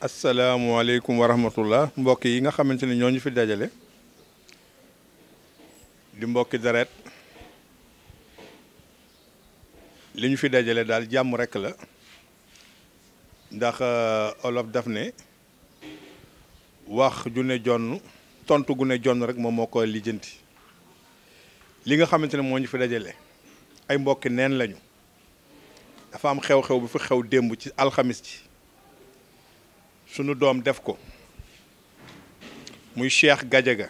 asalaamualeykum wa rahmatullah mbokk yi nga xamante ñoo ñu fi dajale di mbokki deret li ñu fi dajale daal jàmm rekk la ndax euh, olof daf ne wax ju ne jonn tontu gu ne jonn rek moom moo ko lijjanti li nga xamante ne moo ñu fi dajale ay mbokki neen lañu dafa am xew-xew bu fi xew démb ci alxamis ci sunu doom def ko muy Cheikh Gadiaga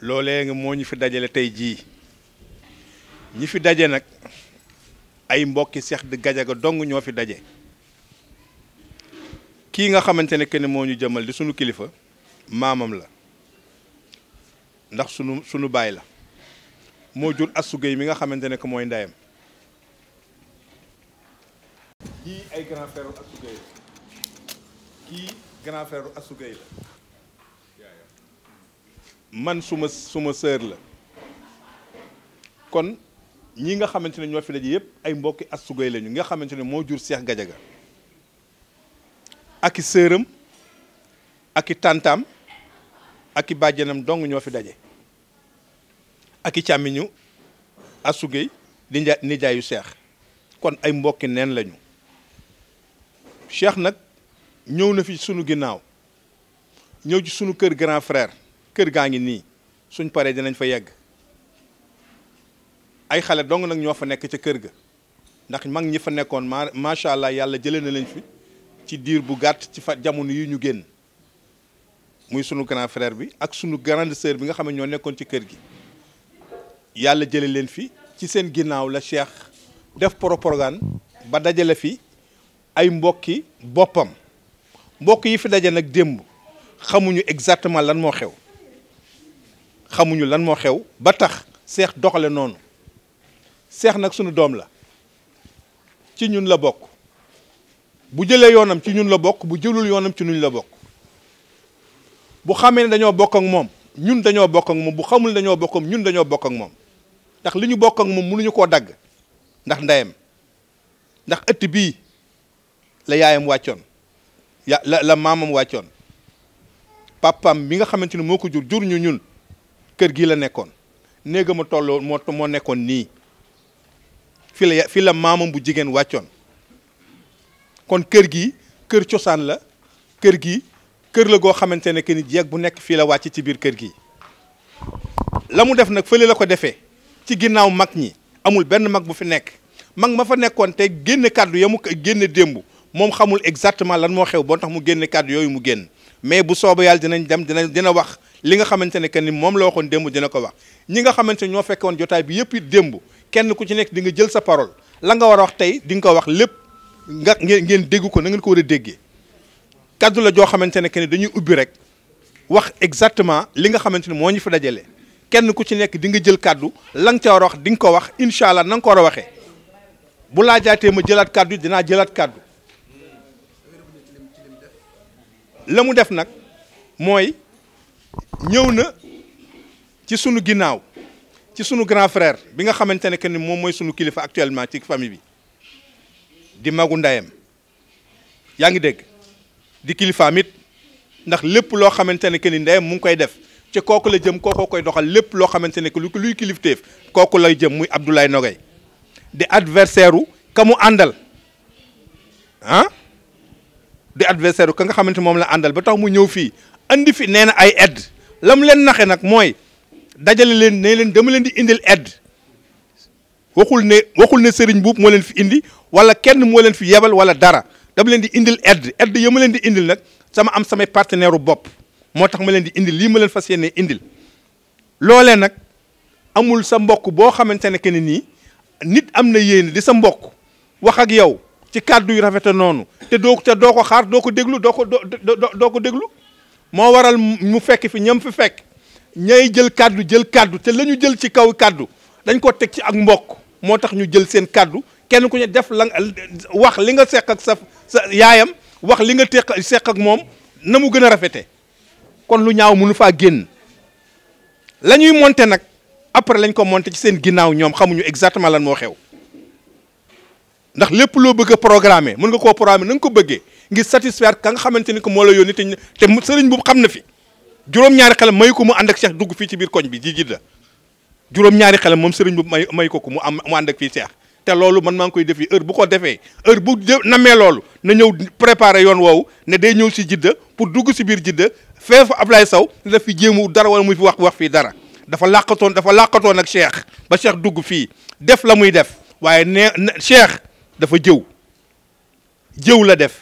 loolee nga moo ñu fi dajale tey jii ñi fi daje nag ay mbokki Cheikh di Gadiaga dong ñoo fi daje kii nga xamante ne kenn moo ñu jëmal di sunu kilifa maamam la ndax sunu sunu baay la moo jur asugay mi nga xamante ne que mooy ndeyam. yii ay grand kii grand frère la man suma suma sœur la kon ñi nga xamante ne ñoo fi daje yëpp ay mbokki Assou Gueye lañu nga xamante ne moo jur seex Gadiaga aki sëram ak i tàntaam ak i bàjjenam dong ñoo fi daje aki i càmmiñu Assou Gueye di nijaayu Cheikh kon ay mbokki neen lañu Cheikh nag ñëw na fi sunu ginnaaw ñëw ci sunu kër grand frère kër gaa ngi nii suñ paree dinañ fa yegg ay xale dong nag ñoo fa nekk ca kër ga ndax mag ñi fa nekkoon ma macha allah yàlla jëlee na leen fi ci diir bu gàtt ci fa jamono yi ñu génn muy sunu grand frère bi ak sunu grande sœur bi nga xam ne ñoo nekkoon ci kër gi yàlla jële leen fi ci seen ginnaaw la Cheikh def propagande ba dajale fi ay mbokki boppam. mbokk yi fi daje nag démb xamuñu exactement lan moo xew xamuñu lan moo xew ba tax seex doxale noonu seex nag sunu doom la ci ñun la bokk bu jëlee yoonam ci ñun la bokk bu jëlul yoonam ci ñun la bokk bu xamee ne dañoo bokk moom ñun dañoo bokk moom bu xamul ne dañoo bokk ñun dañoo bokk ak moom ndax li ñu bokk ak moom mënuñu koo dagg ndax ndeyam ndax ëtt bii la yaayam wàccoon ya la la maamam wàccoon papam mi nga xamante ni moo ko jur jur ñu ñun kër gi la nekkoon néega ma tolloo moo moo nekkoon nii fi la la maamam bu jigéen wàccoon kon kër gi kër cosaan la kër gi kër la goo xamante ne que ni bu nekk fii la wàcc ci biir kër gi la mu def nag fële la ko defee ci ginnaaw mag ñi amul benn mag bu fi nekk mag ma fa nekkoon te génn kàddu ya mu génn démb moom xamul exactement lan moo xew boo tax mu génne kàddu yooyu mu génn mais bu soobee yàlla dinañ dem dina dina wax li nga xamante ne que ni moom la waxoon démb dina ko wax ñi nga xamante ne ñoo fekkoon jotaay bi yëpp it démb kenn ku ci nekk di nga jël sa parole la nga war a wax tey di nga ko wax lépp nga ngeen ngeen dégg ko na ngeen ko war a déggee kàddu la joo xamante ne que dañuy ubbi rek wax exactement li nga xamante ni moo ñu fa dajale kenn ku ci nekk di nga jël kàddu la nga ca war a wax di nga ko wax incha allah na nga ko war a waxee bu laajaatee ma jëlaat kàddu dinaa jëlaat kàddu la mu def nag mooy ñëw na ci sunu ginnaaw ci sunu grand frère bi nga xamante ne que ni moom mooy sunu kilifa actuellement ci famille bi di magu ndayam yaa ngi dégg di kilifaam it ndax lépp loo xamante ne que ni ndeyam mu ngi koy def ci kooku la jëm kookoo koy doxal lépp loo xamante ne que lu luy kilifteef kooku lay jëm muy Abdoulaye Nogaye di adversaire u kamu àndal ah di adversaire ka nga xamante moom la àndal ba tax mu ñëw fii indi fi nee na ay aide lam leen naxe nag mooy dajale leen ne leen dama leen di indil aide waxul ne waxul ne sëriñ buub moo leen fi indi wala kenn moo leen fi yebal wala dara dama leen di indil aide edd ya ma leen di indil nag sama am samay partenaire u bopp moo tax ma leen di indil lii ma leen fa yéene indil loolee nag amul sa mbokk boo xamante ne que ni nii nit am na yéene di sa mbokk wax ak yow ci kàddu yu rafete noonu te doo te doo ko xaar doo ko déglu doo ko doo ko déglu moo waral mu fekk fi ñam fi fekk ñay jël kàddu jël kàddu te la ñu jël ci kaw kàddu dañ ko teg ci ak mbokk moo tax ñu jël seen kaddu kenn ku ne def lang wax li nga seq ak sa sa yaayam wax li nga teq seq ak moom na mu gën a rafete kon lu ñaaw mënu faa génn la ñuy monter nag après lañ ko monter ci seen ginnaaw ñoom xamuñu exactement lan moo xew ndax lépp loo bëgg programme programmer mën nga koo programmer na nga ko bëggee ngir satisfaire ka nga xamante ni que moo la yónni te te sëriñ boobu xam na fi juróom-ñaari xelam may ko mu ànd ak Cheikh dugg fii ci biir koñ bi ji ji la juróom-ñaari xelam moom sëriñ boobu may may ko ko mu am mu ànd ak te loolu man maa koy def heure bu ko defee heure bu namee loolu na ñëw préparer yoon woowu ne day ñëw si jidda pour dugg si biir jidda feefu Ablaye Sow ne daf fi jéemu dara wala muy fi wax wax fii dara dafa làqatoon dafa làqatoon ak Cheikh ba Cheikh dugg fii def la muy def waaye nee Cheikh dafa jëw jëw la def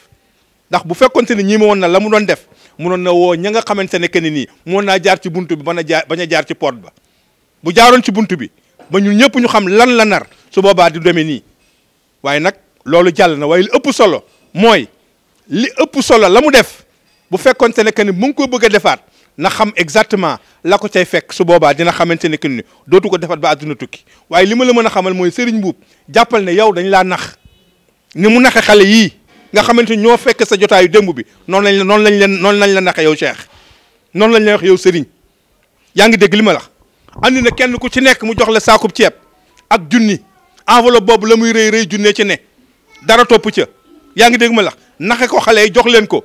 ndax bu fekkonte ni ñi ma woon na la mu doon def munoon na woo ña nga xamante ne que ni nii munoon naa jaar ci buntu bi mën jaar bañ a jaar ci porte ba bu jaaroon ci buntu bi ba ñun ñëpp ñu xam lan la nar su boobaa di demee nii waaye nag loolu jàll na waaye li ëpp solo mooy li ëpp solo la mu def bu fekkonte ne que ni mu ngi ko bëgg defaat na xam exactement la ko cay fekk su boobaa dina xamante ne que ni dootu ko defaat ba àdduna tukki waaye li ma la mën a xamal mooy Serigne Mboup jàppal ne yow dañ laa nax. ni mu naxe xale yii nga xamante ñoo fekk sa jotaayu démb bi noonu lañ la noonu lañ leen noonu lañ la naxe yow Cheikh noonu lañ la wax yow Serigne yaa ngi dégg li ma la andi na kenn ku ci nekk mu jox la saakub ceeb ak junni enveloppe boobu la muy rëy rëy junne ci ne dara topp ca yaa ngi dégg ma lax naxe ko xale yi jox leen ko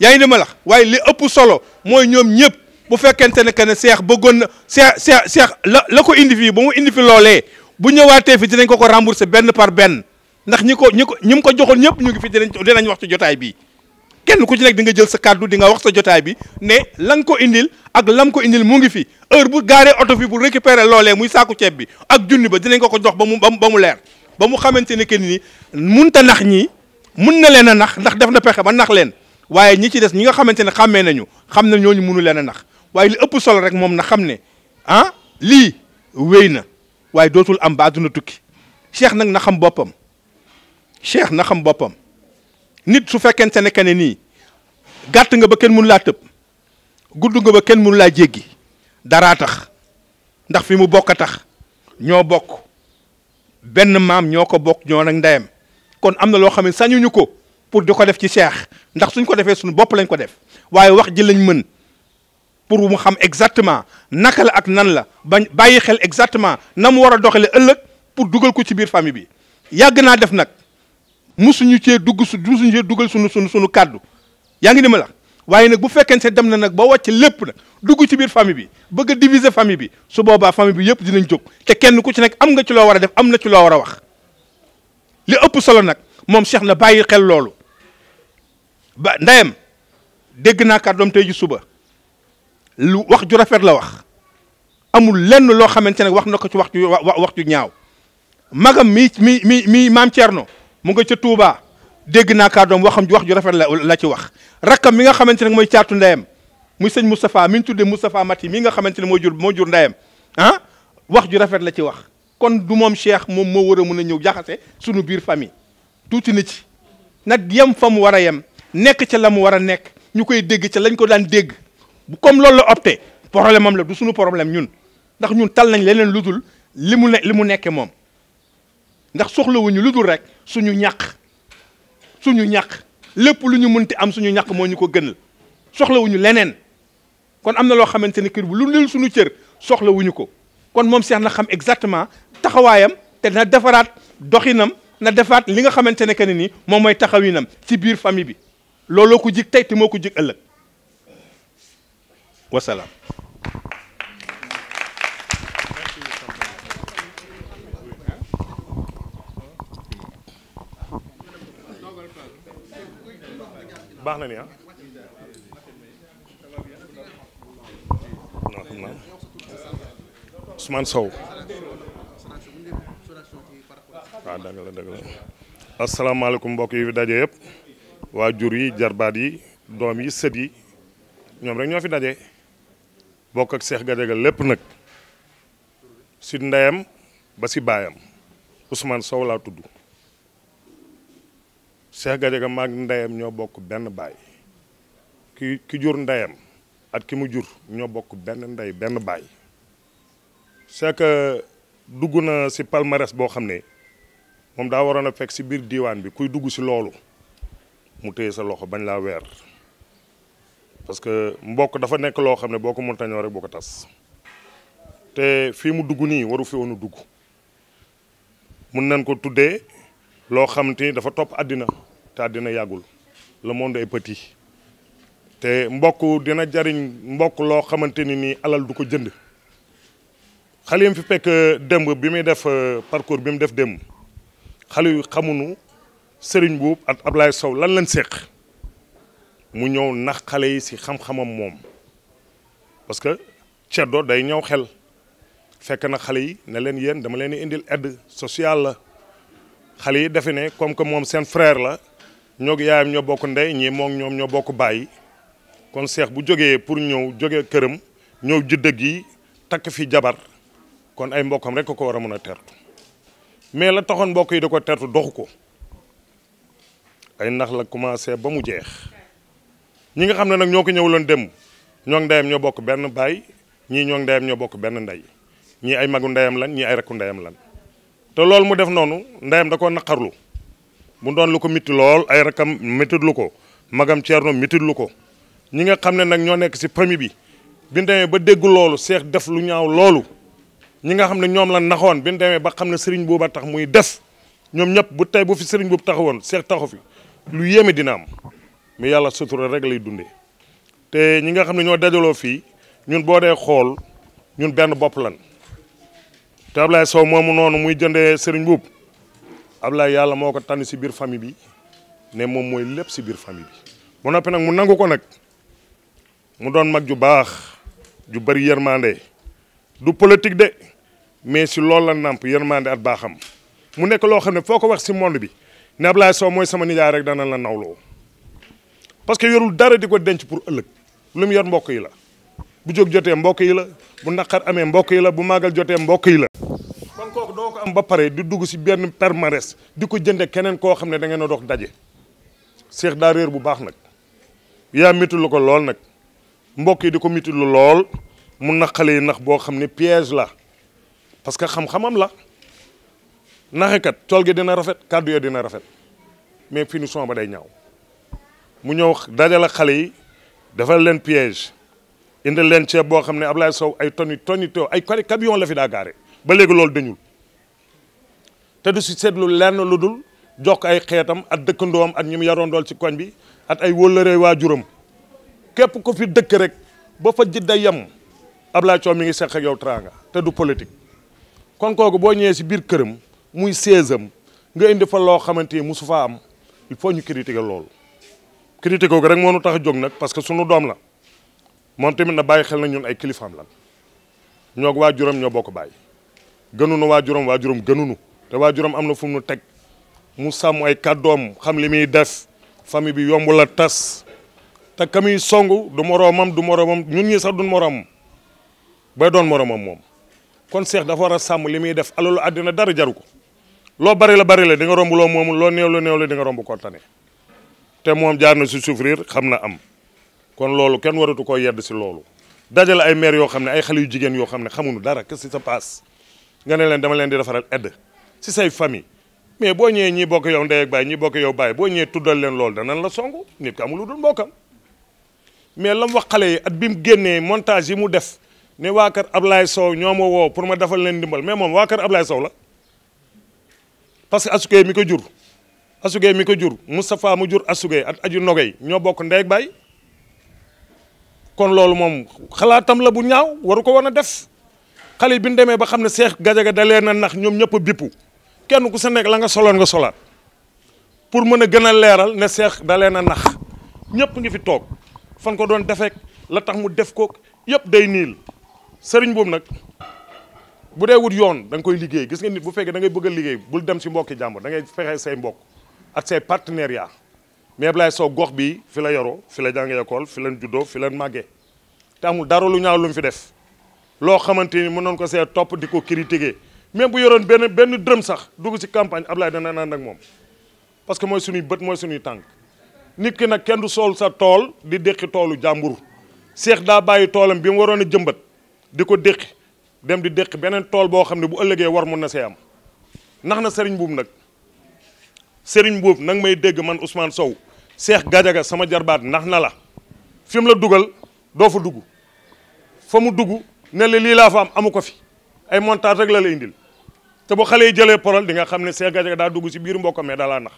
yaa ngi dégg ma lax waaye li ëpp solo mooy ñoom ñëpp bu fekkente ne que ne seex bëggoon na seex seex seex la la ko indi fii ba mu indi fi loolee bu ñëwaatee fi dinañ ko ko rembourser benn par benn ndax ñi ko ñi ko ñi mu ko joxoon ñëpp ñu ngi fi dinañ dinañ wax ci jotaay bi kenn ku ci nekk di nga jël sa kàddu di nga wax sa jotaay bi ne la nga ko indil ak lam ko indil mu ngi fi heure bu gaaree oto fi bu récupérer loolee muy saaku ceeb bi ak junni ba dinañ ko ko jox ba mu ba mu leer ba mu xamante ne que ni munta nax ñii mun na leen a nax ndax def na pexe ba nax leen waaye ñi ci des ñi nga xamante ne xàmmee nañu xam na ñooñu munu leen a nax waaye li ëpp solo rek moom na xam ne ah lii wéy na waaye dootul am ba àdduna tukki Cheikh nag na xam boppam cheikh na xam boppam nit su fekkente ne que ne nii gàtt nga ba kenn mun laa tëb gudd nga ba kenn mënu laa jéggi daraa tax ndax fi mu bokk a tax ñoo bokk benn maam ñoo ko bokk ñoo nag ndeyam kon am na loo xam ne sañuñu ko pour di ko def ci cheikh ndax suñ ko defee suñu bopp lañ ko def waaye wax ji lañ mën pour mu xam exactement naka la ak nan la bañ bàyyi xel exactement na mu war a doxalee ëllëg pour dugal ko ci biir famille bi yàgg naa def nag. musuñu cee dugg su musuñu cee duggal sunu sunu sunu kàddu yaa ngi ni ma la waaye nag bu fekkente dem na nag ba wàcc lépp na dugg ci biir famille bi bëgg a diviser bi su boobaa famille bi yëpp dinañ jóg te kenn ku ci nekk am nga ci loo war a def am na ci loo war a wax li ëpp solo nag moom seex na bàyyi xel loolu ba ndeyam dégg naa kàddoom tey ju suba lu wax ju rafet la wax amul lenn loo xamante ne wax na ko ci wax ju wax ju ñaaw magam mi mii mii mii maam Thierno. mu nga ca Touba dégg naa kàddoom waxam wax ju rafet la la ci wax rakkam mi nga xamante ne mooy caatu ndeyam muy sëñ Moustapha mi ñu tuddee Moustapha Mati mi nga xamante ne moo jur moo jur ndeyam ah wax ju rafet la ci wax kon du moom Cheikh moom moo war a mën a ñëw jaxase suñu biir famille tuuti na ci nag yem fa mu war a yem nekk ca la mu war a nekk ñu koy dégg ca lañ ko daan dégg comme loolu la opté problème am la du suñu problème ñun ndax ñun tal nañ leneen ludul li mu ne li mu nekkee moom ndax soxlawuñu lu dul rek suñu ñàq suñu ñàq lépp lu ñu mënti am suñu ñàq moo ñu ko gënal soxlawuñu leneen kon am na loo xamante ne kër bu lu dul suñu cër soxlawuñu ko kon moom Cheikh na xam exactement taxawaayam te na defaraat doxinam na defaat li nga xamante ne que ne ni moom mooy taxawinam ci biir famille bi looloo ko jig tey te moo ko jig ëllëg wasalaam baax na ni ah non Sow waaw dëgg la mbokk yu fi daje yëpp waa jur yi jarbaat yi doom yi sët yi ñoom rek ñoo fi daje bokk ak Cheikh Gadiaga lépp nag si ndeyam ba si baayam Ousmane Sow laa tudd Cheikh Gadiaga maag ndeyam ñoo bokk benn baay ki ki jur ndeyam at ki mu jur ñoo bokk benn ndey benn baay c'est euh, dugg na si palmarès boo xam ne moom daa waroon a fekk si biir diwaan bi kuy dugg si loolu mu téye sa loxo bañ laa weer parce que mbokk dafa nekk loo xam ne boo ko mënta ñëw rek boo ko tas te fii mu dugg nii waru fi woon a dugg mun nañ ko tuddee. loo xamante te ni dafa topp àddina te àddina yàggul le monde est te mbokk dina jariñ mbokk loo xamante ni nii alal du ko jënd xale yi fi fekk euh, démb bi muy def euh, parcours bi mu def démb xale yu xamunu Serigne Mboup ak Ablaye Sow lan lañ séq mu ñëw nax xale yi si xam-xamam moom parce que ceddo day ñëw xel fekk na xale yi ne leen yéen dama leen di indil aide sociale la xale yi defe ne comme que moom seen frère la ñoo yaayam ñoo bokk ndey ñii moom ñoom ñoo bokk bàyyi kon seex bu jógee pour ñëw jóge këram ñëw jëdd gi takk fi jabar kon ay mbokkam rek ko war a mën a tertu mais la taxoon mbokk yi da ko tertu doxu ko ay nax la commencé ba mu jeex ñi nga xam ne nag ñoo ko ñëwuloon dem ñoo ngi ndeyam ñoo bokk benn baay ñii ñoo ngi ndeyam ñoo bokk benn ndey ñii ay magu ndeyam lan ñii ay rakku ndeyam lan te loolu mu def noonu ndeyam da ko naqarlu mu doon lu ko métti lool ay rakam méttit lu ko magam Thierno méttit lu ko ñi nga xam ne nag ñoo nekk si famille bi bi demee ba dégg loolu seex def lu ñaaw loolu ñi nga xam ne ñoom la naxoon bi ñu demee ba xam ne sëriñ booba tax muy des ñoom ñëpp bu tey bu fi sëriñ boobu taxawoon seex taxu fi lu yéeme dina am mu yàlla sutura rek lay dunde te ñi nga xam ne ñoo dajaloo fii ñun boo dee xool ñun benn bopp lan te Ablaye Sow moom noonu muy jëndee Serigne Mbuub Ablaye yàlla moo ko tànn si biir famille bi ne moom mooy lépp si biir famille bi bu noppi nag mu nangu ko nag mu doon mag ju baax ju bari yërmande du politique de mais si loolu la nàmp yërmande at baaxam mu nekk loo xam ne foo ko wax si monde bi ne Ablaye Sow mooy sama nijaay rek dana la nawloo parce que yorul dara di ko denc pour ëllëg lu mu yor mbokk yi la bu jóg jotee mbokk yi la bu naqar amee mbokk yi la bu màggal jotee mbokk yi la. kon kooku doo ko am ba pare di dugg si benn permanence di ko jënd keneen koo xam ne da ngeen a dox daje. seex daa réer bu baax nag yaa mitu lu ko lool nag mbokk yi di ko mitu lu lool mu naqale yi nax boo xam ne piège la parce que xam-xamam la naxekat tool gi dina rafet kàddu ya dina rafet mais finition ba day ñaaw mu ñëw dajale xale yi defal leen piège. indil leen ceeb boo xam ne Ablaye Sow ay toni toni to ay kari camion la fi daa gaare ba léegi loolu dañul te du si seetlu lenn lu dul jox ko ay xeetam ak dëkkandoom ak ñi mu yaroon dool ci koñ bi at ay wóllëre waajuram képp ko fi dëkk rek ba fa jidda yem Ablaye Sow mi ngi seq ak yow tranga te du politique kon kooku boo ñëwee si biir këram muy seesam nga indi fa loo xamante ni musu faa am il faut ñu critiquer loolu critiquer ko rek moo nu tax a jóg nag parce que sunu doom la moom tamit na bàyyi xel na ñun ay kilifaam lan ñoog waajuram ñoo bokk bàyyi gënunu waajuram waajuram gënunu te waajuram am na fu mu nu teg mu sàmm ay kàddoom xam li muy def famille bi yomb la tas te ka muy song du moroomam du moroomam ñun ñi sax du moroomam bay doon moroomam moom kon seex dafa war a sàmm li muy def alalu àddina dara jaru ko loo bari la bari la di nga romb loo moomul loo néew la néew la di nga romb kontane te moom jaar na si souffrir xam na am kon loolu kenn waratu koo yedd si loolu dajale ay maire yoo xam ne ay xale yu jigéen yoo xam ne xamuñu dara que si sa passe nga ne leen dama leen di defaral aide si say famille mais boo ñëwee ñi bokk yow ndey ak baay ñi bokk yow baay boo ñëwee tuddal leen loolu danañ la songu nit ko amul lu dul mais lam wax xale at bi mu génnee montage yi mu def ne waa kër Ablaye Sow ñoo ma woo pour ma defal leen ndimbal mais moom waa kër Ablaye Sow la parce que Asugay mi ko jur Asugay mi ko jur Moustapha mu jur Asugay at aju Nogay ñoo bokk ndey ak kon loolu moom xalaatam la bu ñaaw waru ko war a def xale bi ñu demee ba xam ne Cheikh Gadiaga dalee na a nax ñoom ñëpp a bippu kenn ku sa nekk la nga soloon nga solaat pour mën a gën a leeral ne Cheikh dalee na a nax ñëpp ngi fi toog fan ko doon defeek la tax mu def kook yëpp day niil sëriñ boobu nag bu dee wut yoon da nga koy liggéey gis nga nit bu fekkee da ngay bëgg liggéey bul dem si mbokki jàmbur da ngay fexe say mbokk ak say partenariat mais Ablaye Sow gox bi fi la yaroo fi la jàngee école fi leen juddoo fi leen màggee te amul dara lu ñaaw lu mu fi def loo xamante ni mënoon ko see topp di ko critiquer même bu yoroon benn benn dërëm sax dugg ci campagne Ablaye dana naan ak moom parce que mooy suñuy bët mooy suñuy tànk nit ki nag kenn du sool sa tool di déqi toolu jàmbur seex daa bàyyi toolam bi mu waroon a jëmbat di ko déqi dem di déqi beneen tool boo xam ne bu ëllëgee war mun na see am nax na sëriñ buub nag sëriñ buub nag may dégg man Ousmane Sow Cheikh Gadiaga sama jarbaat nax na la fi mu la dugal doo fa dugg fa mu dugg ne la lii laa fa am amu ko fi ay montage rek la la indil te bu xale yi jëlee parole di nga xam ne Cheikh Gadiaga daa dugg si biir mbokk mais dalaa nax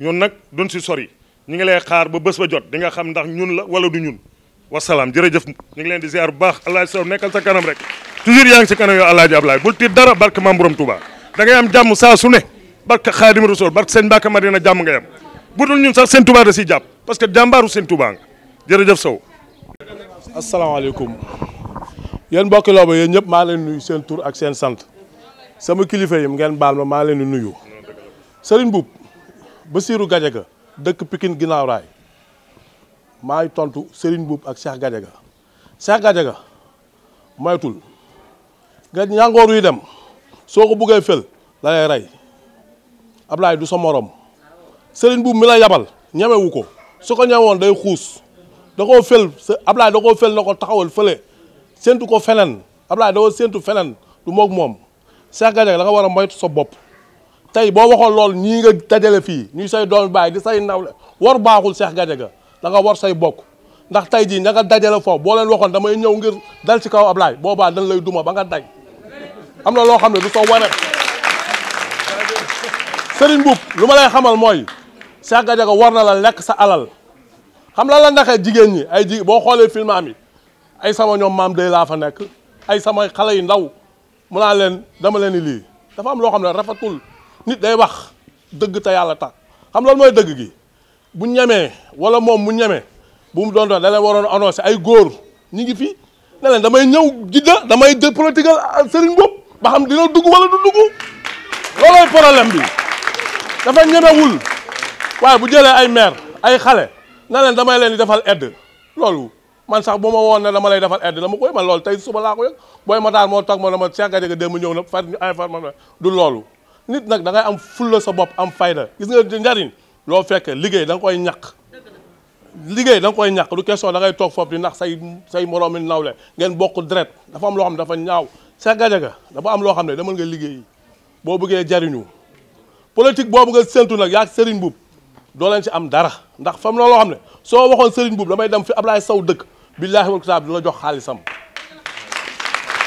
ñun nag duñ si sor yi ñu ngi lay xaar ba bés ba jot di nga xam ndax ñun la wala du ñun wasalaam jërëjëf ñu ngi leen di ziar bu baax Alaaji Sow nekkal sa kanam rek toujours yaa ngi si kanam yow Alaaji Ablaay bul tiit dara barke Maam Borom Touba da ngay am jàmm saa su ne barke Xaadim Rasuul barke Sëñ Mbàkke Madina jàmm ngay bu dul ñun sax seen Touba da siy jàpp parce que jàmbaaru seen Touba nga jërëjëf Sow. asalaamaaleykum yéen mbokki looba yéen ñëpp maa leen nuyu seen tur ak seen sant sama kilifa yi ngeen baal ma maa leen di nuyu Serigne Mboup Bassirou Gadiaga dëkk pikin ginnaaw raay maay tontu Serigne Mboup ak Cheikh Gadiaga Cheikh Gadiaga moytul nga ñàngoor yi dem soo ko buggee fël la lay rey Ablaye du sa morom. sëriñ bu mi la yabal ñemewu ko su ko ñamewoon day xuus da koo fël sa Ablaye da koo fel na ko taxawal fële séntu ko feneen Ablaye da koo séntu feneen du mook moom Cheikh Gadiaga da nga war a moytu sa bopp tey boo waxoon lool ñii nga dajale fii ñuy say doom baay di say nawle war baaxul seex Gadiaga da nga war say bokk ndax tey jii ña nga dajale foofu boo leen waxoon damay ñëw ngir dal ci kaw Ablaye boobaa dañ lay duma ba nga daj am na loo xam ne du soo wane Serigne Mboup xamal mooy sa Cheikh Gadiaga war na la lekk sa alal xam la la ndaxee jigéen ñi ay ji boo xoolee film am yi ay sama ñoom maam day laa fa nekk ay sama xale yu ndaw mu naa leen dama leen ni lii dafa am loo xam ne rafetul nit day wax dëgg te yàlla tax xam loolu mooy dëgg gi bu ñemee wala moom mu ñeme bu mu doon doon da leen waroon annoncé ay góor ñi ngi fi ne leen damay ñëw jidda damay de politique sëriñ bopp ba xam dina dugg wala du dugg loolooy problème bi dafa ñemewul waaye bu jëlee ay maire ay xale na leen damay leen di defal aide loolu man sax bu ma woon ne dama lay defal la ma koy man lool tey suba laa ko yëg booy mataar moo toog ma dama Cheikh Gadiaga démb ñëw na far ñu informé du loolu nit nag da ngay am fulla sa bopp am fayda gis nga njariñ loo fekkee liggéey da nga koy ñàkk liggéey da nga koy ñàkk du question da ngay toog foofu di nax say say moroomi nawle ngeen bokk deret dafa loo xam ne dafa ñaaw Cheikh Gadiaga dafa am loo xam ne demal nga liggéey boo bëggee jariñu politique boobu nga séntu nag yaa ak Serigne doo leen ci am dara ndax fam la loo xam ne soo waxoon Serigne Boub damay dem fi Ablaye saw dëkk billaahi wal kitaab du la jox xaalisam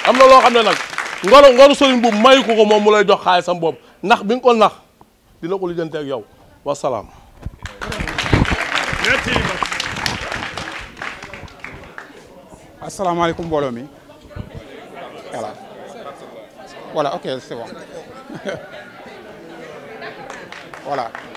am na loo xam ne nag ngoru ngoru Serigne Boub mayu ko moom mu lay jox xaalisam boobu ndax bi nga ko nax dina ko lijjante ak yow wasalaam. asalaamaaleykum mbooloo mi voilà voilà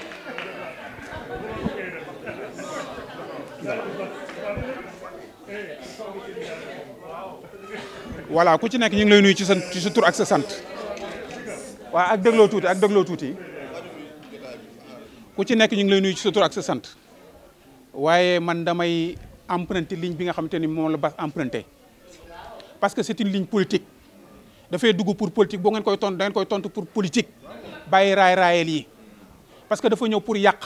voilà ku ci nekk ñu ngi lay nuy ci sa ci sa ak sa sant waaw ak dégloo tuuti ak dégloo tuuti ku ci nekk ñu ngi lay nuyu ci sa tur ak sa sant waaye man damay emprunté ligne bi nga xamante ni moom la bas emprunté parce que c'est une ligne politique dafay dugg pour politique boo ngeen koy tontu da koy tontu pour politique bàyyi raay raayel yi parce que dafa ñëw pour yàq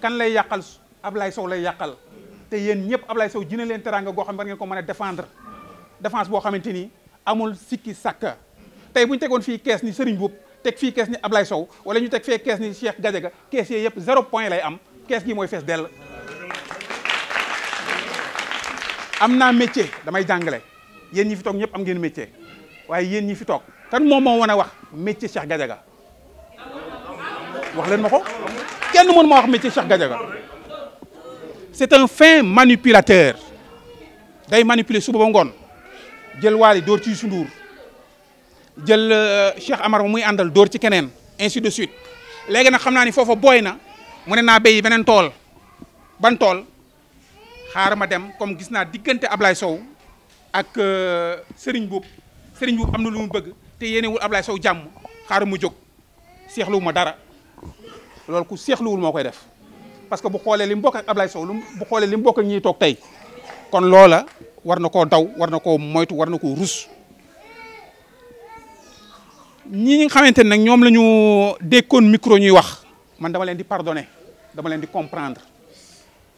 kan lay yàqal Ablaye Sow lay yàqal te yéen ñëpp Ablaye Sow dina leen teraanga goo xam ne war ngeen ko mën a défendre défense boo xamante ni amul sikki sàkka tey bu ñu tegoon fii kees ni sëriñ Boub teg fii kees ni Ablaye Sow wala ñu teg fee kees ni Cheikh Gadiaga kees yee yëpp zéro point lay am kees gi mooy fees dell am naa métier damay jàngale yéen ñi fi toog ñëpp am ngeen métier waaye yéen ñi fi toog kan moom moo mën a wax métier Cheikh Gadiaga wax leen ma ko kenn mën ma wax métier Cheikh ga c'est un fin manipulateur day manipuler suba ngoon jël waali door ci Youssou Ndour jël euh, Cheikh Amar muy àndal door ci keneen ainsi de suite léegi nag xam naa ni foofa booy na mu ne naa béy beneen tool ban tool xaar ma dem comme gis naa diggante Ablaye Sow ak euh, Serigne Boub sëriñ Boub am na lu mu bëgg te yéenewul Ablaye Sow jàmm xaar mu jóg seexluwul ma dara loolu ku seexluwul moo koy def parce que bu xoolee li mbokka bokk ak Ablaye Sow lu bu li mu bokk ak ñiy toog tey kon loola war na koo daw war na koo moytu war na koo rus ñi nga xamante ne nag ñoom la ñu dékkoon micro ñuy wax man dama leen di pardonné dama leen di comprendre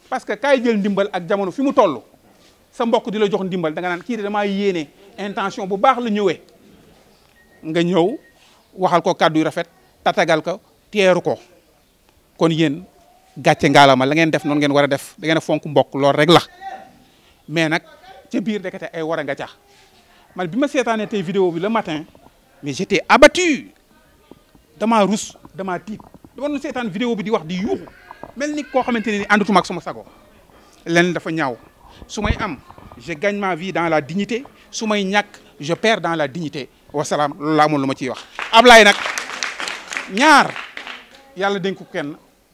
parce que kaay jël ndimbal ak jamono fi mu toll sa mbokk di la jox ndimbal danga nga naan kii de damaa yéene intention bu baax la ñëwee nga ñëw waxal ko kàddu yu rafet tatagal ko teeru ko kon yéen gàcce ngaalama la ngeen def noon ngeen war a def da ngeen a fonk mbokk loolu rek la mais nag ca biir ndekete ay war a nga man bi ma seetaanee tey vidéo bi la matin mais j'étais abattu damaa rus damaa tiit dama doon seetaan vidéo bi di wax di yuuxu mel ni koo xamante ne ni àndatuma ak sama sago len dafa ñaaw su may am je gagne ma vie dans la dignité su may ñàkk je perds dans la dignité wasalaam loolu laa amoon lu ma ciy wax Ablaye nag ñaar yàlla dénk ko kenn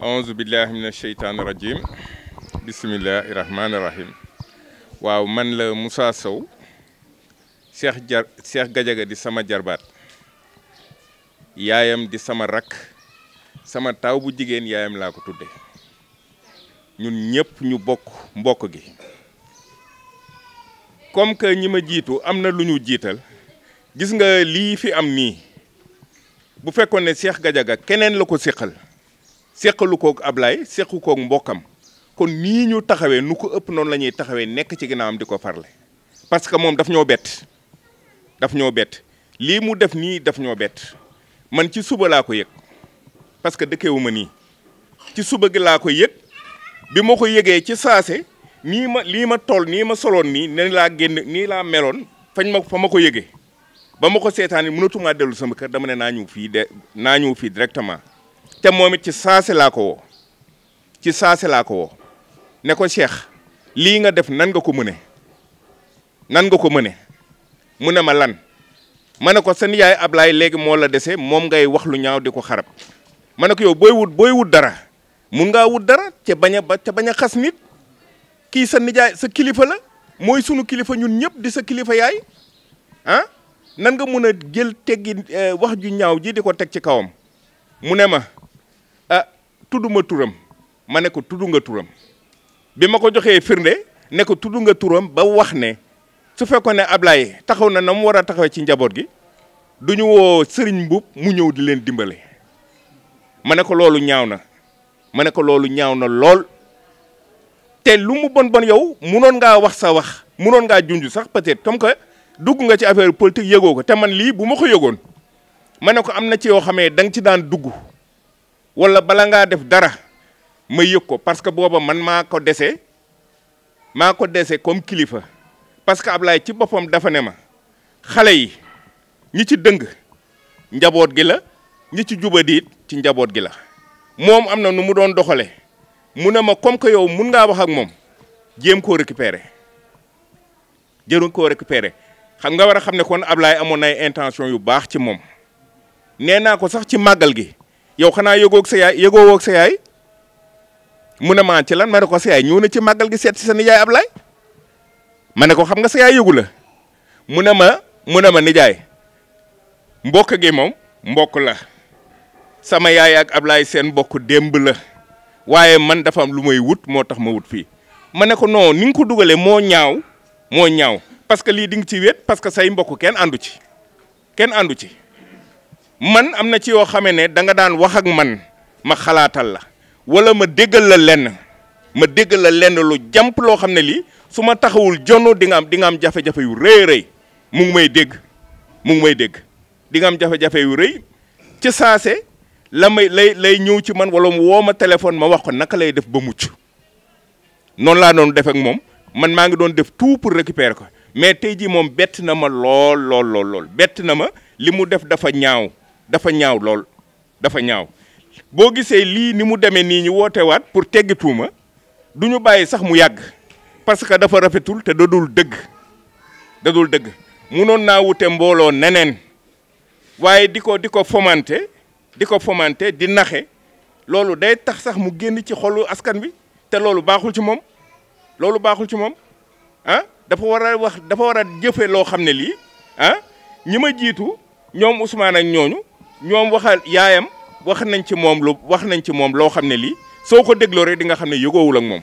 auzu billahi min asheytaani rajim bisimillahi rahmaani rahim waaw man la musa Sow Cheikh jar seex gajaga di sama jarbaat yaayam di sama rakk sama taaw bu jigéen yaayam laa ko tudde ñun ñëpp ñu bokk mbokk gi comme que ñi ma jiitu am na lu ñu jiital gis nga lii fi am nii bu fekkoon ne Cheikh Gadiaga keneen la ko siqal seqalu koog ablaay sequ koog mbokkam kon nii ñu taxawee nu ko ëpp noonu la ñuy taxawee nekk ci am di ko farle parce que moom daf ñoo bett daf ñoo bett lii mu def nii daf ñoo bett man ci suba laa ko yëg parce que dëkkewu ma nii ci suba gi laa ko yëg bi ma ko yëgee ci saase nii ma lii ma toll nii ma soloon nii nii laa génn nii laa meloon fañ ma fa ma ko yëgee ba ma ko seetaan mënatumaa dellu sama kër dama ne naa ñëw fii de naa ñëw fii directement te moom ci saase laa ko woo ci saase laa ko woo ne ko Cheikh lii nga def nan nga ko mëne nan nga ko mëne mu ne ma lan ma ne ko sa nijaay Ablaay léegi moo la dese moom ngay wax lu ñaaw di ko xarab ma ne ko yow booy wut booy wut dara mun ngaa wut dara te bañ a ba bañ a xas nit kii sa nijaay sa kilifa la mooy sunu kilifa ñun ñëpp di sa kilifa yaay ah nan nga mun a gël teggi eh, wax ju ñaaw jii di ko teg ci kawam mu ne ma ah tudd ma turam ma ne ko tudd nga turam bi ma ko joxee firnde ne ko tudd nga turam ba wax ne su fekkoon ne Ablaye taxaw na na mu war a taxawee ci njaboot gi du ñu woo Serigne Mboup mu ñëw di leen dimbale ma ne ko loolu ñaaw na ma ne ko loolu ñaaw na lool te lu mu bon bon yow munoon ngaa wax sax wax munoon ngaa junj sax peut-être comme dugg nga ci affaire politique yëgoo ko te man lii bu ma ko yëgoon ma ne ko am na ci yoo xamee da nga ci daan dugg. wala bala ngaa def dara ma yëg ko parce que booba man maa ko dese maa ko dese comme kilifa parce que Ablaye ci boppam dafa ne ma xale yi ñi ci dëng njaboot gi la ñi ci jubadiit ci njaboot gi la moom am na nu mu doon doxale mu ne ma comme que yow mun ngaa wax ak moom jéem koo récupérer jëru koo récupérer xam nga war xam ne kon Ablaye amoon nay intention yu baax ci moom nee naa ko sax ci màggal gi yow xanaa yëgoog sa yaay yëgoo sa yaay mu ne maa ci lan ma ne ko sa yaay ñëw na ci màggal gi seet ci sa nijaay Ablaay ma ne ko xam nga sa yaay yëgu la mu ne ma mu ne ma nijaay mbokk gi moom mbokk la sama yaay ak Ablaay seen mbokk démb la waaye man dafa am lu may wut moo tax ma wut fii ma ne ko non ni nga ko dugalee moo ñaaw moo ñaaw parce que lii di nga ci wéet parce que say mbokk kenn àndu ci kenn àndu ci man am na ci yoo xamee ne da nga daan wax ak man ma xalaatal la wala ma déggal la lenn ma déggal la lenn lu jàmp loo xam ne lii su ma taxawul jonn di nga am di am jafe-jafe yu rëy rëy mu may dégg mu may dégg di nga am jafe yu rëy ci saase la may lay lay ñëw ci man wala mu woo ma téléphone ma wax ko naka lay def ba mucc noonu laa doon def moom man maa ngi doon def tout pour récupérer ko mais tey jii moom bett na ma lool lool lool lool bett na ma li mu def dafa ñaaw dafa ñaaw lool dafa ñaaw boo gisee lii ni mu demee nii ñu wootewaat pour teggi tuuma du ñu bàyyi sax mu yàgg parce que dafa rafetul te dadul dëgg dadul dëgg munoon naa wute mbooloo neneen waaye di ko di ko fomante di ko fomante di naxe loolu day tax sax mu génn ci xolu askan bi te loolu baaxul ci moom loolu baaxul ci moom ah dafa war a wax dafa war a jëfe loo xam ne lii ah ñi ma jiitu ñoom Ousmane ak ñooñu ñoom waxa yaayam wax nañ ci moom lu wax nañ ci moom loo xam ne lii soo ko dégloo di nga xam ne yëgoowul ak moom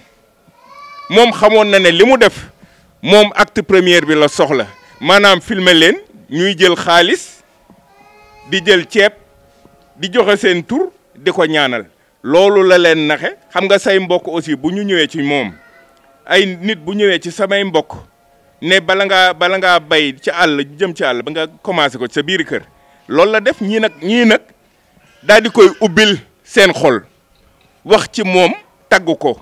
moom xamoon na ne li mu def moom acte première bi la soxla maanaam filmer leen ñuy jël xaalis di jël ceeb di joxe seen tur di ko ñaanal loolu la leen naxe xam nga say mbokk aussi bu ñu ñëwee ci moom ay nit bu ñëwee ci samay mbokk ne bala ngaa bala ngaa bay ci àll jëm ci àll ba nga commencé ko sa biir kër loolu la def ñii nag ñii nag daal di koy ubbil seen xol wax ci moom tagg ko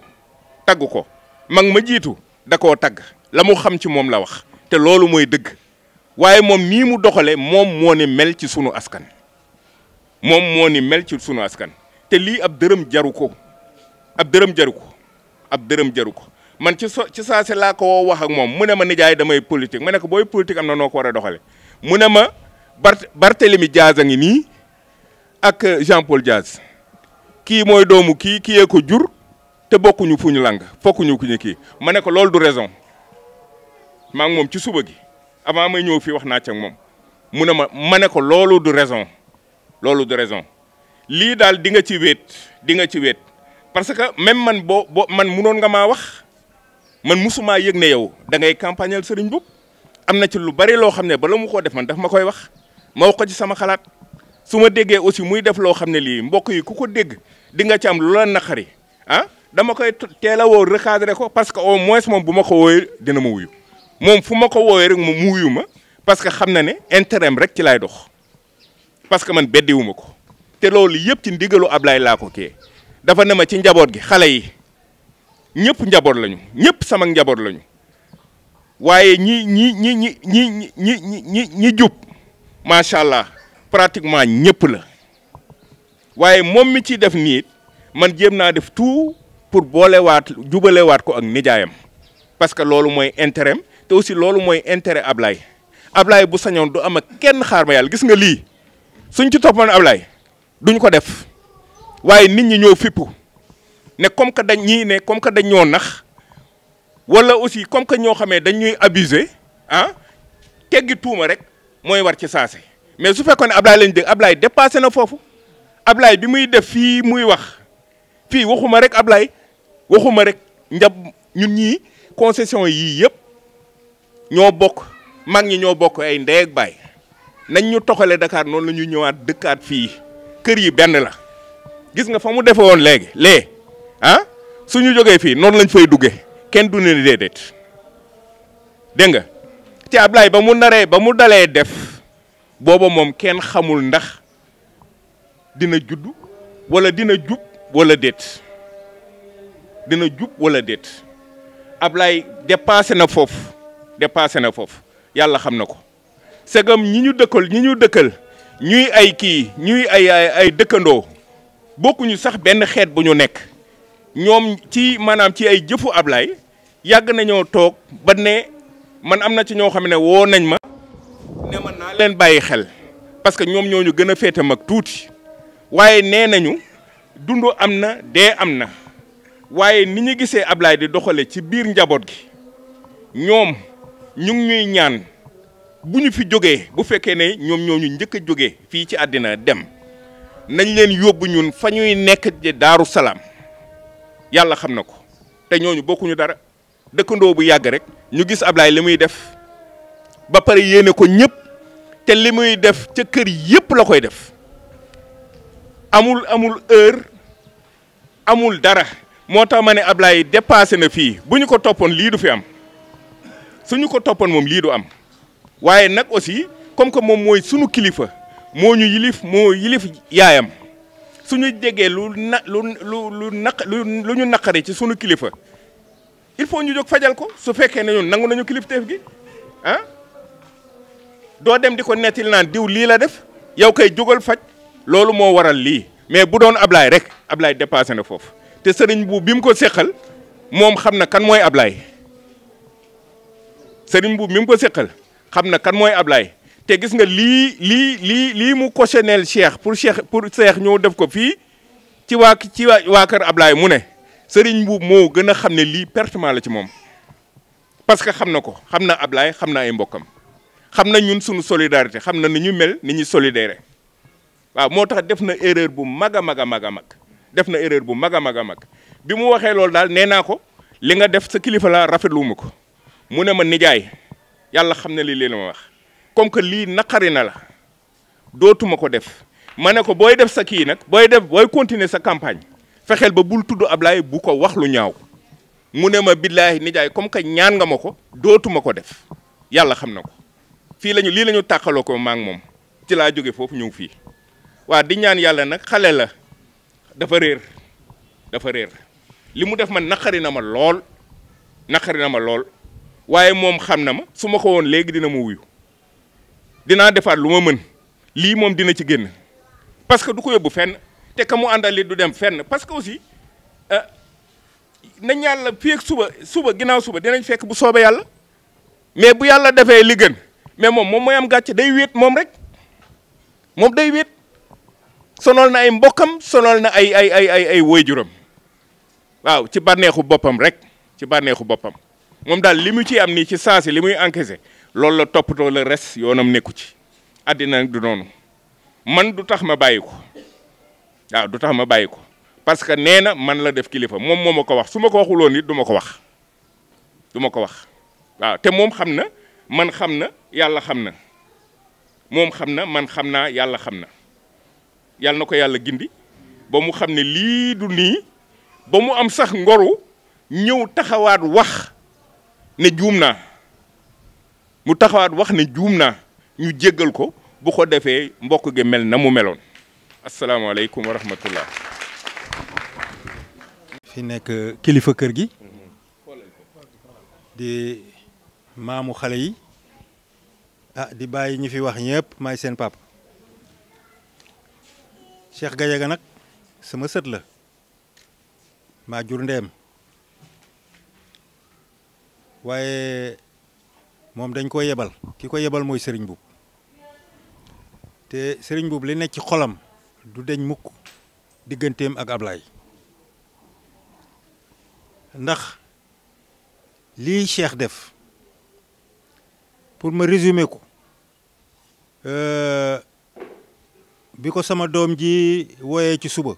tagg ko mag ma jiitu da koo tagg la mu xam ci moom la wax te loolu mooy dëgg waaye moom mii mu doxale moom moo ni mel ci sunu askan moom moo ni mel ci sunu askan te lii ab dërëm jaru ko ab dërëm jaru ko ab dërëm jaru ko man ci so ci saa laa ko wax ak moom mu ne ma nijaay damay politique ma ne ko booy politique am na noo ko war a doxale mu ne ma Barth Barthélemy Diaz a ngi nii ak Jean Paul Diaz kii mooy doomu kii kiyee ko jur te bokkuñu fu ñu lang fokkuñu ku ñu kii ma ne ko loolu du raison maa moom ci suba gi avant may ñëw fii wax naa ci ak moom mu ne ma ma ne ko loolu du raison loolu du raison lii daal di nga ci wéet di nga ci wet parce que même man boo boo man munoon nga maa wax man musumaa yëg ne yow da ngay campagnal sëriñ boobu am na ci lu bari loo xam ne bala mu koo def man daf ma koy wax. ma wax ko ci sama xalaat su ma déggee aussi muy def loo xam ne lii mbokk yi ku ko dégg di nga ci am lu naqari ah dama koy teel a woo recadré ko parce que au moins moom bu ma ko wooyee dina ma wuyu moom fu ma ko wooyee rek mu wuyu ma parce que xam na ne intérêt rek ci laay dox parce que man beddiwu ko te loolu yëpp ci ndigalu Ablaye laa ko kee dafa ne ma ci njaboot gi xale yi ñëpp njaboot lañu ñëpp sama njaboot lañu waaye ñi ñi ñi ñi ñi ñi ñi ñi jub. macha allah pratiquement ñëpp la waaye moom mi ciy def nii man jéem naa def tout pour boolewaat jubalewaat ko ak nijaayam parce que loolu mooy intérêt te aussi loolu mooy intérêt Ablaye Ablaye bu sañoon du am ak kenn xaar ma yàlla gis nga lii suñ ci toppoon Ablaye duñ ko def waaye nit ñi ñoo fippu ne comme que dañ ñii ne comme que dañ ñoo nax wala aussi comme que ñoo xamee dañ ñuy abusé ah teggi tuuma rek. mooy war ci saase mais su fekkoon ne Ablaye lañ dégg Ablaye dépassé na foofu Ablaye bi muy def fii muy wax fii waxuma rek Ablaye waxuma rek njab ñun ñii concession yii yëpp ñoo bokk mag ñi ñoo bokk ay ndey ak baay nañ ñu toxalee Dakar noonu la ñuy ñëwaat dëkkaat fii kër yi benn la gis nga fa mu defe woon léegi lee ah su ñu jógee fii noonu lañ fay duggee kenn du ne déedéet dégg nga ci Ablaye ba mu naree ba mu dalee def booba moom kenn xamul ndax dina judd wala dina jub walla déet dina jub wala déet Ablaye dépassé na foofu dépassé na foofu yàlla xam na ko segam ñi ñu dëkkal ñi ñu dëkkal ñuy ay kii ñuy ay ay dëkkandoo bokkuñu sax benn xeet bu ñu nekk ñoom ci maanaam ci ay jëfu Ablaye yàgg nañoo toog ba ne man am na ci ñoo xam ne woo nañ ma ne man naa leen bàyyi xel parce que ñoom ñoo ñu gën a féete mag tuuti waaye nee nañu dund am na dee am na waaye ni ñu gisee ablaay di doxale ci biir njaboot gi ñoom ñu ngi ñuy ñaan bu ñu fi jógee bu fekkee ne ñoom ñoo ñu njëkk jóge fii ci àddina dem nañ leen yóbbu ñun fa ñuy nekk di Daaru Salaam yàlla xam na ko te ñooñu bokkuñu dara dëkkandoo bu yàgg rek. ñu gis Ablaye li muy def ba pare yéene ko ñëpp te li muy def ca kër yëpp la koy def amul amul heure amul dara moo tax ma ne Ablaye dépassé na fii bu ñu ko toppoon lii du fi am suñu ko toppoon moom lii du am waaye nag aussi comme que moom mooy sunu kilifa moo ñu yilif moo yilif yaayam suñu déggee lu lu lu lu lu lu ñu naqari ci sunu kilifa il faut ñu jóg fajal ko su fekkee ne nangu nañu kilifteef gi ah doo dem di ko nettil naan diw lii la def yow kay jógal faj loolu moo waral lii mais bu doon Ablaye rek ablaay dépassé na foofu te sëriñ bu bi mu ko seqal moom xam na kan mooy Ablaye sëriñ bu bi ko seqal xam na kan mooy Ablaye te gis nga lii lii lii lii mu cautionné Cheikh pour Cheikh pour Cheikh ñëw def ko fii ci waa ci waa kër Ablaye mu ne. Serigne Mbuub moo gën a xam ne lii pertement la ci moom parce que xam na ko xam na Ablaye xam na ay mbokkam xam na ñun suñu solidarité xam na ni ñu mel ni ñu solidaire waaw moo tax def na erreur bu mag a mag a mag a mag def na erreur bu mag a mag a mag bi mu waxee loolu daal nee naa ko li nga def sa kilifa la rafetlu ma ko mu ne ma nijaay yàlla xam ne li lii la ma wax comme que lii naqari na la dootuma ko def ma ne ko booy def sa kii nag booy def booy continuer sa campagne fexeel ba bul tudd ab laay bu ko wax lu ñaaw mu ne ma billaahi nijaay comme que ñaan nga ma ko dootuma ko def yàlla xam na ko fii lañu lii lañu ñu ko maa moom ci laa jóge foofu ñëw fii waa di ñaan yàlla nag xale la dafa réer dafa réer li mu def man naqari na ma lool naqari na ma lool waaye moom xam na ma su ma ko woon léegi dina ma wuyu dinaa defaat lu ma mën lii moom dina ci génn parce du ko yóbbu fenn te ka mu àndali du dem fenn parce que aussi euh, na yàlla fii ak suba suba ginnaaw suba dinañ fekk bu soobee yàlla mais bu yàlla defee li mais moom moom mooy am gàcce day wéet moom rek moom day wéet sonol na ay mbokkam sonol na ay ay ay ay ay waajuram waaw ci bànneexu boppam rek ci bànneexu boppam moom daal li mu ci am nii ci saa si li muy encaissé loolu la toppatoo la res yoonam nekku ci àddina nag du noonu man du tax ma bàyyi ko waaw du tax ma bàyyi ko parce que nee na man la def kilifa moom moo ma ko wax su ma ko waxuloon it du ma ko wax du ma ko wax waaw te moom xam na man xam na yàlla xam na moom xam na man xam naa yàlla xam na yàlla na ko yàlla gindi ba mu xam ne lii du nii ba mu am sax ngoru ñëw taxawaat wax ne juum naa mu taxawaat wax ne juum naa ñu jéggal ko bu ko defee mbokk gi mel na mu meloon asalaamaaleykum wa rahmatullah fi nekk kilifa kër gi di maamu xale yi ah di bàyyi ñi fi wax ñëpp may seen pap Cheikh Gadiaga nag sama sët la maa jur ndeem waaye moom dañ ko yebal ki ko yebal mooy sëriñ buub te sëriñ buub li nekk ci xolam du deñ mukk digganteem ak Ablaay ndax lii Cheikh def pour ma résumer ko euh, bi ko sama doom ji woyee ci suba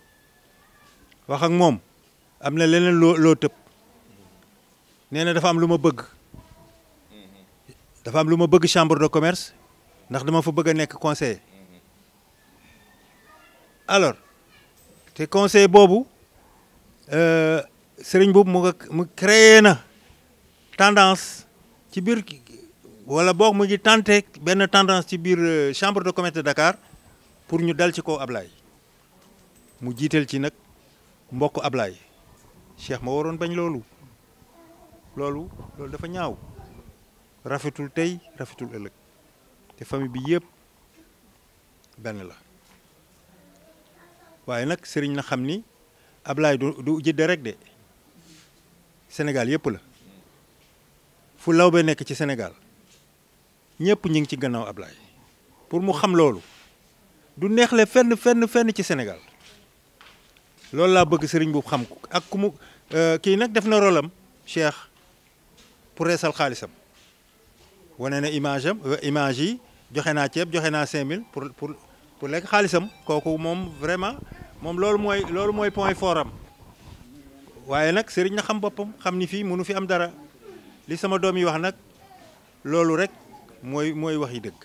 wax ak moom am na leneen loo loo tëb nee na dafa am lu ma bëgg mm-hmm. dafa am lu ma bëgg chambre de commerce ndax dama fa bëgg a nekk conseiller alors te conseil boobu euh, sëriñ boobu mu nga mu créé na tendance ci biir wala boog mu ngi tenté benn tendance ci biir euh, chambre de commerce de Dakar pour ñu dal ci kaw Ablaye mu jiital ci nag mbokk Ablaye Cheikh ma waroon bañ loolu loolu loolu dafa ñaaw rafetul tey rafetul ëllëg te famille bi yëpp benn la waaye nag sëriñ na xam ni Ablaye du du jidde rek de Sénégal yëpp la fu lawbe nekk ci senegal ñëpp ñu ngi ci gannaaw Ablaye pour mu xam loolu du neexle fenn fenn fenn ci senegal loolu laa bëgg sëriñ bu xam ko ak ku mu euh, kii nag def na rolam Cheikh pour reesal xaalisam wane na image am euh, image yi joxe naa ceeb joxe naa 5000 pour pour. pour lekk xaalisam kooku moom vraiment moom loolu mooy loolu mooy point fort waaye nag sëriñ na xam boppam xam ni fii mënu fi am dara li sama doom yi wax nag loolu rek mooy mooy wax yi dëgg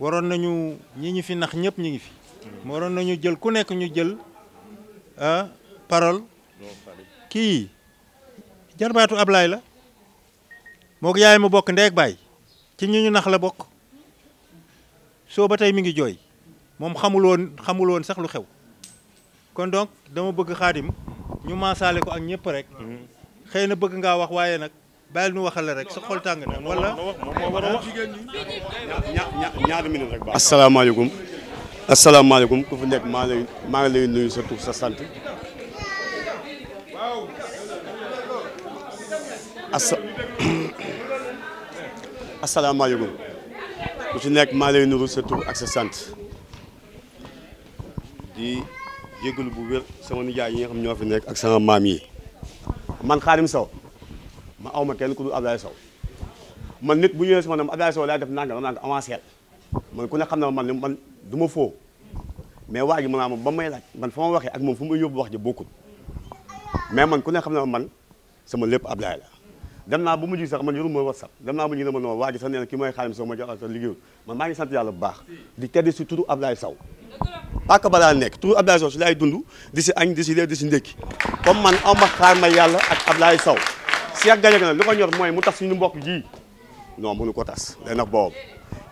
waroon nañu ñi ñu fi nax ñëpp ñi ngi fi mm. waroon nañu jël ku nekk ñu jël ah, parole kii jarbaatu Ablaay la moo ko yaay mu bokk ndeeg baay ci ñu ñu nax la bokk soo ba tey mi ngi jooy moom xamuloon xamuloon sax lu xew kon donc dama bëgg xaadim ñu maasaale ko ak ñépp rek xëy na bëgg ngaa wax waaye nag bàyyil ñu waxal la rek sa xol tàng na wala ñaari minute rek baax ku fu nekk maa lay maa ngi lay nuyu sa tur sa sant asa asalaamaaleykum ku ci nekk maa lay nuru sa tur ak sa sant di jégalu bu wér sama nijaay yi nga xam ñoo fi nekk ak sama maam yi man Xaadim Sow ma aw ma kenn ku dul Abdoulaye Sow man nit bu ñëwee sama nam Abdoulaye Sow laay def nangam nangam avancé man ku ne xam na man man du ma foo mais waa ma maanaam ba may laaj man fa ma waxee ak moom fu mu yóbbu wax ji bokkul mais man ku ne xam na man sama lépp Abdoulaye la dem naa bu mujj sax man yoruma whatsapp dem naa bu ñu ne ma non waa ji sax nee na ki mooy xaalim sax ma jox ak liggéeyul man maa ngi sant yàlla baax di tedd si turu Abdoulaye Sow paaka ba laa nekk turu Abdoulaye Sow laay dund di si añ di si di si ndékki comme man am ma xaar ma yàlla ak laay saw Cheikh Gadiaga nag li ko ñor mooy mu tax suñu mbokk ji non mënu ko tas day nag boobu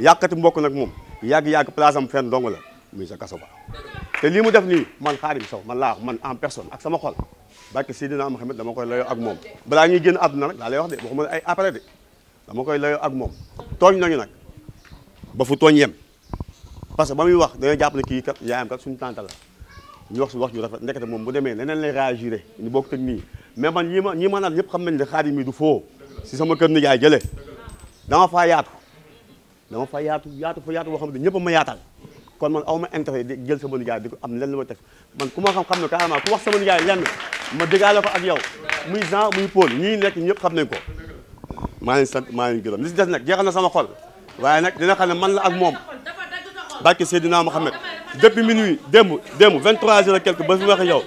yàqati mbokk nag moom yàgg-yàgg place am fenn dong la muy sa kaso ba te lii mu def nii man xaalim Sow man laa wax man en personne ak sama xol barke Seydina Muhammad dama koy layoo ak moom balaa ñuy génn àdduna nag laa lay wax de waxuma ay après de dama koy layoo ak moom tooñ nañu nag ba fu tooñ yem parce que ba muy wax dañoo jàpp ne kii kat yaayam suñu tànta la ñu wax suñu wax ñu rafet ndekete moom bu demee leneen lay réagiré ñu bokk teg nii mais man ñi ma ñi ma naan ñëpp xam nañ ne xaadim mi du foo si sama kër ni jaay jëlee dama faa yaatu dama faa yaatu yaatu fa yaatu boo xam ne ñëpp ma yaatal kon man aw ma intérêt di jël sama nijaay di ko am lenn ma teg man ku ma xam xam ne carrément ku wax sama nijaay lenn ma déggaale ko ak yow muy Jean muy Paul ñii nekk ñëpp xam nañ ko maa ngi sant maa ngi gërëm li si des nag jeexal na sama xol waaye nag dina xam ne man la ak moom barke Seydina Mouhamed depuis minuit démb démb 23 heures et quelque ba fi waxee yow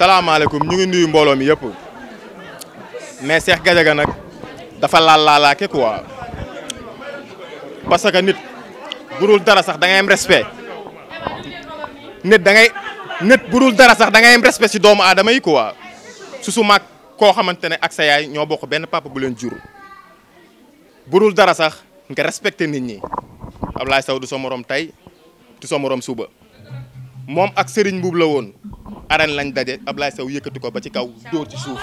salaamaaleykum ñu ngi nuyu mbooloo mi yëpp mais Cheikh Gadiaga nag dafa laal laalaake quoi parce que nit burul dara sax da ngay am respect nit da ngay nit burul dara sax da ngay am respect doomu aadama yi quoi susu maag koo xamante ne ak sa yaay ñoo bokk benn papa buleen leen jur burul dara sax nga respecté nit ñi Ablaye Sow du sa morom tey du sa morom suba moom ak Serigne Mbuub la woon. arène lañ daje Ablaye Sow yëkkati ko ba ci kaw dóor ci suuf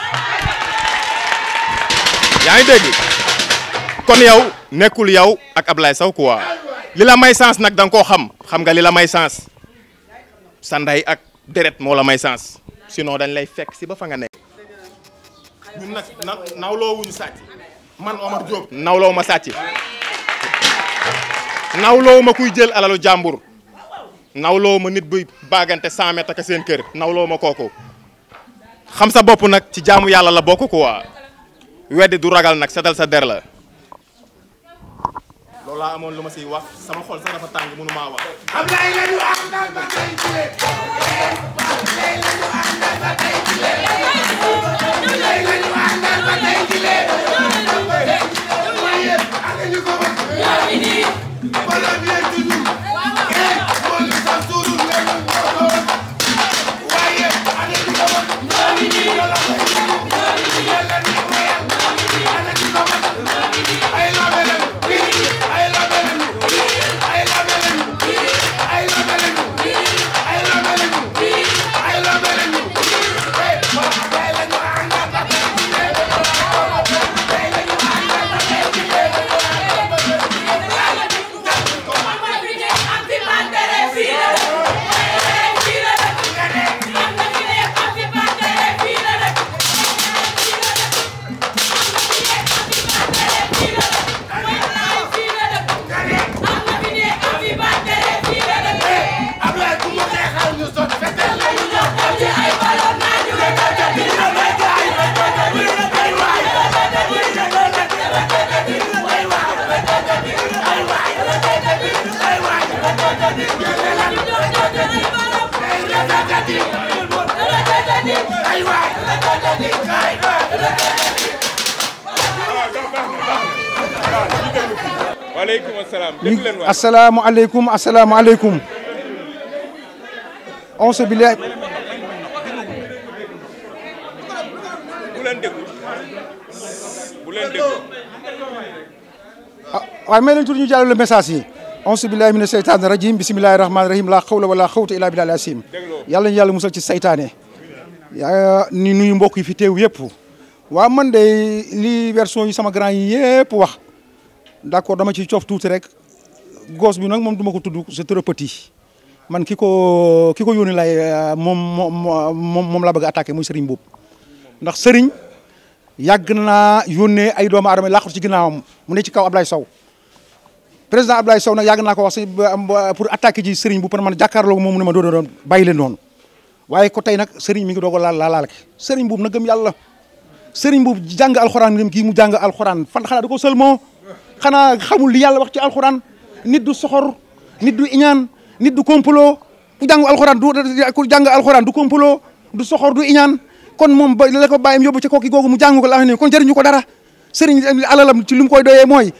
yaa dégg kon yow nekkul yow ak Ablaye saw quoi li la may sens nag danga koo xam xam nga li la may sens sa ndey ak deret moo la may sens sinoo dañ lay fekk si ba fa nga nekk. ñun nag nawloo nawloo ma sàcc nawloo ma kuy jël alalu jàmbur. nawloo ma nit buy baagante 100 mètres ak seen kër nawloo ma kooku xam sa bopp nag ci jaamu yàlla la bokk quoi du ragal nag setal sa der la. lu ma siy wax sama tàng mënu assalaamu aleykum assalaamu aleykum onse billahi ah, waaye may leen tuuti ñu jàllale message yi auzu billahi mina seytaani rajim bisimilahi rahmaani rahim laa xawla wala xawta illa billahi asim yàlla ñu yàlla musal ci saytaane yaa ni nuyu mbokk yi fi teew yëpp waaw man de li version yi sama grand yi yëpp wax d'accord dama ciy coof tuuti rek gosse bi nag moom duma ko tudd c'est trop man ki ko ki ko yónni lay moom moom moom laa bëgg a attaqué muy ndax Serigne yàgg naa yónnee ay doomu aadama làqatu ci ginnaawam mu ne ci kaw Ablaye Sow président Abdoulaye Sow nag yàgg naa ko wax pour attaquer ji sëriñ bu par man jàkkaarloo moom ne ma doon doon leen noonu waaye ko tey nag sëriñ mi ngi doog a laal laalaale sëriñ boobu na gëm yàlla sëriñ boobu jàng alxuraan dem kii mu jàng alxuraan fan xanaa da ko seulement xanaa xamul li yàlla wax ci alxuraan nit du soxor nit du iñaan nit du complot ku jàng alxuraan du ku jàng alxuraan du complot du soxor du iñaan kon moom ba la ko bàyyam yóbbu ci kooki googu mu jàng ko la ne kon jëriñu ko dara sëriñ alalam ci li mu koy doyee mooy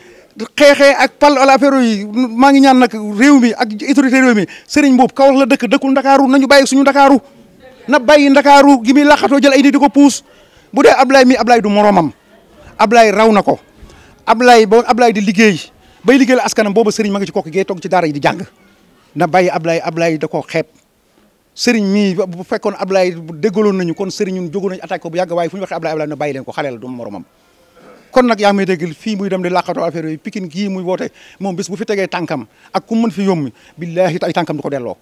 xeexee ak pal wala affaire yi maa ngi ñaan nag réew mi ak autorité réew mi sëriñ boobu kaw la dëkk dëkkul ndakaaru nañu bàyyi suñu ndakaaru na bàyyi ndakaaru gi muy laxatoo jël ay di ko puus bu dee Ablaye mi Ablaye du moromam Ablaye raw na ko Ablaye boo Ablaye di liggéey bay liggéeyal askanam booba sëriñ ma ngi kok kokk gee toog ci daara yi di jàng na bàyyi Ablaye Ablaye da koo xeeb sëriñ mii bu fekkoon Ablaye déggaloon nañu kon sëriñ ñun jógoon nañu attaque ko bu yàgg waaye fu ñu waxee Ablaye Ablaye na bàyyi leen ko xale la du moromam kon nag yaa may dégg fii muy dem di làqatoo affaire yooyu Pikine gii muy woote moom bis bu fi tegee tànkam a ku mën fi yómmi billaahi ay tànkam du ko delloo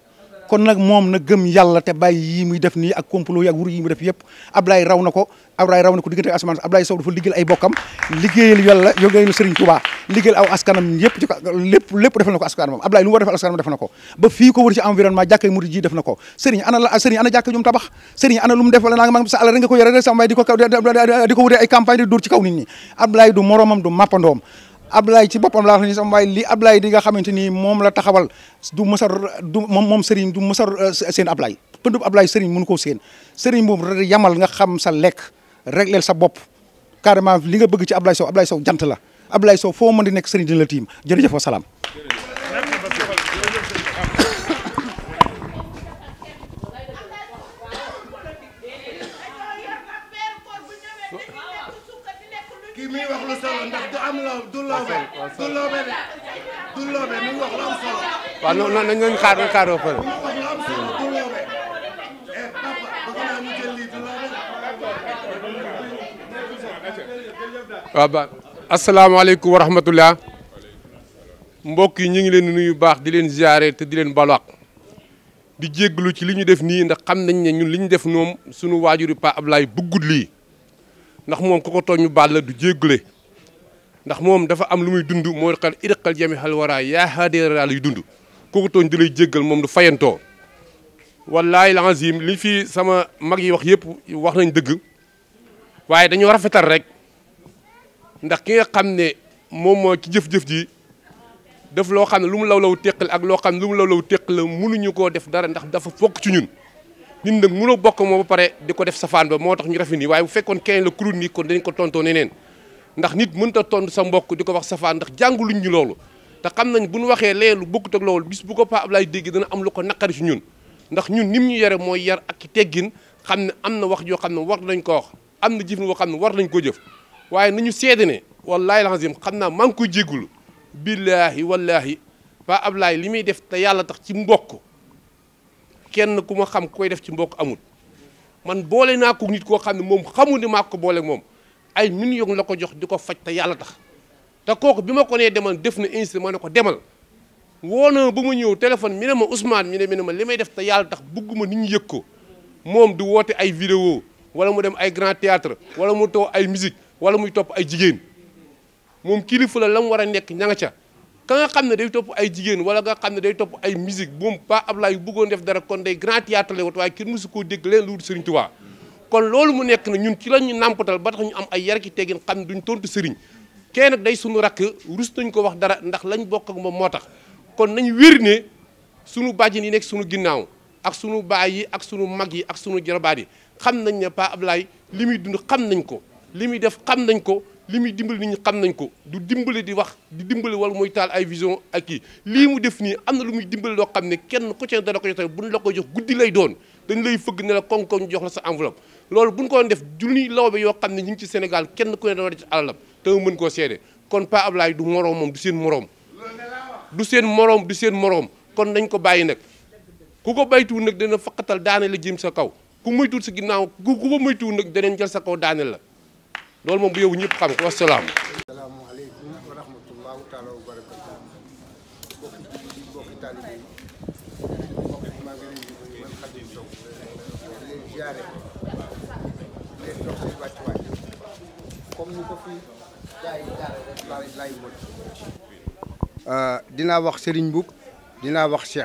kon nag moom na gëm yàlla te bàyyi yi muy def nii ak complot yi ak wur yi def yëpp Ablaye raw na ko Ablaye raw na ko diggante asamaan Ablaye Sow dafa liggéeyal ay bokkam liggéeyal yàlla liggéeyal Serigne Touba liggéeyal aw askanam yëpp ci lépp defal na ko askanam Ablaye war defal askanam def na ko ba fii ko wër ci environnement jàkkay ana la Serigne ana jàkk jum tabax Serigne ana lu mu defal naa nga sa àll rek nga ko yore sama waay di ko di ko ay campagne di dóor ci kaw nit ñi Ablaye du moromam du mappandoom Ablaye ci boppam laa wax ni sama waaye li Ablaye di nga xamante ni moom la taxawal du mësar du moom moom Serigne du mësar euh, seen Ablaye pëndub Ablaye Serigne mënu koo seen Serigne boobu yamal nga xam sa lekk régleel sa bopp carrément li nga bëgg ci Ablaye Sow Ablaye Sow jant la Ablaye Sow foo mën di nekk Serigne dina la tiim jërëjëf wa salaam mi wax lu solo ndax du am loo du xaar nga xaaroo eh, ba asalaamaaleykum wa rahmatulah. mbokk yi ñu ngi leen nuyu baax di leen ziare te di leen balwaq di jégglu ci li ñu def nii ndax xam nañ ne ñun li ñu def ñoom sunu waajur Pa Ablaye bëggut lii. ndax moom ku ko tooñ ñu baal la du jéggale ndax moom dafa am lu muy dund mooy xel irqal jami xel waraay yaa xaadeeraal yu tooñ di lay jéggal moom du fayantoo wallaay lazim li fi sama mag yi wax yëpp wax nañ dëgg waaye dañoo rafetal rek ndax ki nga xam ne moom moo ci jëf-jëf ji def loo xam ne lu mu law law teqal ak loo xam ne lu mu law law teqal la mënuñu koo def dara ndax dafa fokk ci ñun nit nag mënoo bokk moo ba pare di ko def safaan ba moo tax ñu rafet nii waaye bu fekkoon keneen la kuréel nii kon dañ ko tontoo neneen ndax nit mënut a tontu sa mbokk di ko wax safaan ndax jànguluñ ñu loolu te xam nañ bu ñu waxee lee lu bokkut ak loolu bis bu ko Pa Ablaye dégg dana am lu ko naqari ci ñun ndax ñun nim ñu yore mooy yar ak teggin xam ne am na wax yoo xam ne war nañ ko wax am na jëf boo xam ne war nañ ko jëf waaye nañu seede ne wallaahi lazim xam naa maa ngi koy jéggulu billaahi wallaahi Pa Ablaye li muy def te yàlla tax ci mbokk kenn ku ma xam koy def ci mbokk amul man boole naa ko nit koo xam ne moom xamul ni maa ko boole moom ay millions la ko jox di ko faj te yàlla tax te kooku bi ma ko nee demal def na instant ma ne ko demal woo na ba ma ñëw téléphone mi ne ma Ousmane mi ne mi ne ma li may def te yàlla tax bugguma nit ñi yëg ko moom di woote ay vidéo wala mu dem ay grand théâtre wala mu too ay musique wala muy topp ay jigéen moom kii kilifa la la mu war a nekk ña ca. ka nga xam ne day topp ay jigéen wala nga xam ne day topp ay musique moom Pa Ablaye bëggoon def dara kon day grand théâtre la wat waaye kenn mësu koo dégg leen lu Serigne Touba kon loolu mu nekk na ñun ci la ñu nàmpatal ba tax ñu am ay yar ki teggin xam ne duñ tontu Serigne kenn nag day sunu rakk rus nañ ko wax dara ndax lañ bokk ak moom moo tax kon nañ wér ne sunu bàjjen yi nekk sunu ginnaaw ak sunu baay yi ak sunu mag yi ak sunu jarabaat yi xam nañ ne Pa Ablaye li muy dund xam nañ ko li muy def xam nañ ko li muy dimbali nit ñi xam nañ ko du dimbali di wax di dimbali wala muy taal ay vision ak kii lii mu def nii am na lu muy dimbali loo xam ne kenn ku ci dana ko jox tamit bu la ko jox guddi lay doon dañ lay fëgg ne la koŋ jox la sa enveloppe loolu buñ ko def junniy lawbe yoo xam ne ñu ngi ci Sénégal kenn ku ne dama def ci alalam te mu mën koo seede kon paa Pa laay du moroom moom du seen moroom du seen moroom du seen moroom kon dañ ko bàyyi nag ku ko baytuwul nag dana faqatal daaneel la jëm sa kaw ku moytuwul sa ginnaaw ku ko moytuwul nag daneen jël sa kaw daane la loolu moom bu yow ñëpp xam ko euh, wax Serigne Mboup dinaa wax Cheikh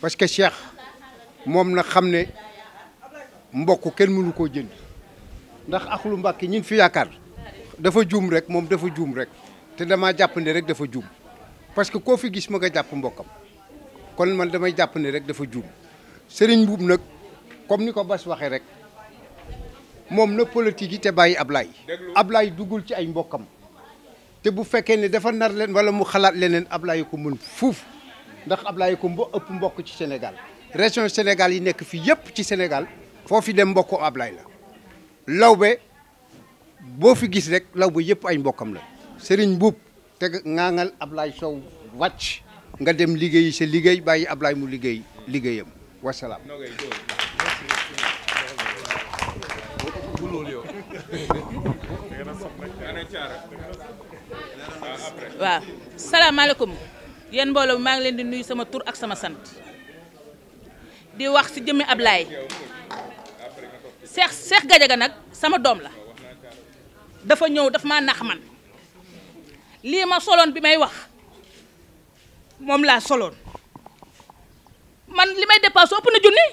parce que Cheikh moom na xam ne mbokk kenn mënu koo jënd. ndax Axlu Mbàkke ñin fi yaakaar dafa juum rek moom dafa juum rek te damaa jàppande rek dafa juum parce que koo fi gis ma nga jàpp mbokkam kon man damay jàpp ne rek dafa juum Serigne Mbuub nag comme ni ko Bas waxee rek moom na politique yi te bàyyi Ablaye Ablaye duggul ci ay mbokkam te bu fekkee ne dafa nar leen wala mu xalaat leneen Ablaye ko mën fuuf ndax Ablaye ko mbo ëpp mbokk ci Sénégal région Sénégal yi nekk fii yëpp ci Sénégal foo fi dem mbokku Ablaye la lawbe boo fi gis rek lawbe yépp ay mbokkam la sëriñ Mbuub te ŋaaŋal Ablaye Sow wàcc nga dem liggéeyi sa liggéey bàyyi Ablaye mu liggéey liggéeyam wasalaam. waaw salaamaaleykum yéen mbooloo maa ngi leen di nuyu sama tur ak sama sant di wax ci jëmmi Ablaye Cheikh Cheikh Gadiaga nag sama doom la dafa ñëw daf maa nax man lii ma soloon bi may wax moom laa soloon man li may dépassé ëpp na junni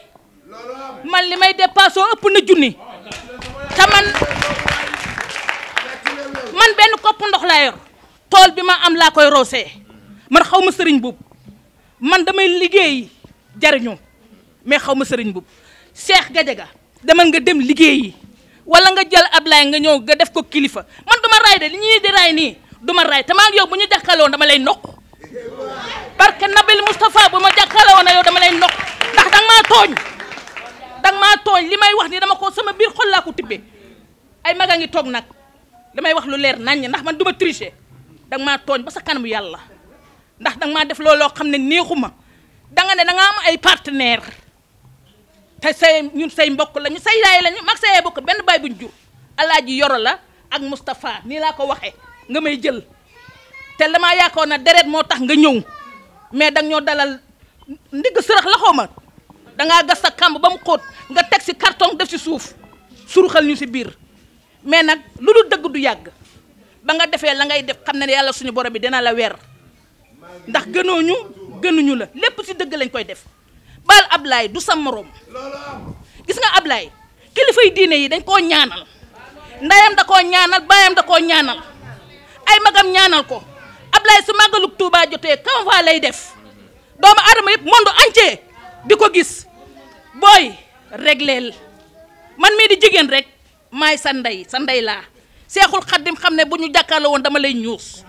man li may dépassé ëpp na junni te man man benn kopp ndox laa yor tool bi ma am laa koy roosee man xaw ma sëriñ buub man damay liggéey jariñu mais xaw ma sëriñ buub Cheikh Gadiaga demal nga dem liggéeyi wala nga jël ab Ablaye nga ñëw nga def ko kilifa man du ma raay de li ñuy di raay nii du ma raay te maa yow bu ñu jàkkaarloo dama lay nokk parce que Nabil Moustapha bu ma jàkkaarloo na yow dama lay nokk ndax danga maa tooñ danga maa tooñ li may wax ni dama ko sama biir xol laa ko tibbee ay mag a ngi toog nag damay wax lu leer nañ naññ ndax man duma ma tricher danga maa tooñ ba sa kanamu yàlla ndax danga maa def looloo xam ne neexu ma danga ne danga am ay partenaire te say ñun say mbokk lañu say yaay lañu mag say yaay bokk benn baay buñ jur alaaji yoro la ak Moustapha nii laa ko waxee nga may jël te damaa yaakaar na deret moo tax nga ñëw mais danga ñoo dalal ndigg sërëx laxoo xaw ma dangaa gas sa kàmb ba mu xóot nga teg si carton def si suuf suruxal ñu si biir mais nag lu dul dëgg du yàgg ba nga defee la ngay def xam ne yàlla suñu borom bi dina la weer ndax gënooñu gënuñu la lépp si dëgg lañ koy def baal Ablaye du sa morom gis nga Ablaye kilifay diine yi dañ koo ñaanal ndeyam da koo ñaanal baayam da koo ñaanal ay magam ñaanal ko Ablaye su màggalug Touba jotee convoi lay def doomu aadama yëpp monde entier di ko gis booy régleel man mii di jigéen rek maay sa ndey sa ndey laa seexul xaddim xam ne bu ñu jàkkaarloo woon dama lay ñuus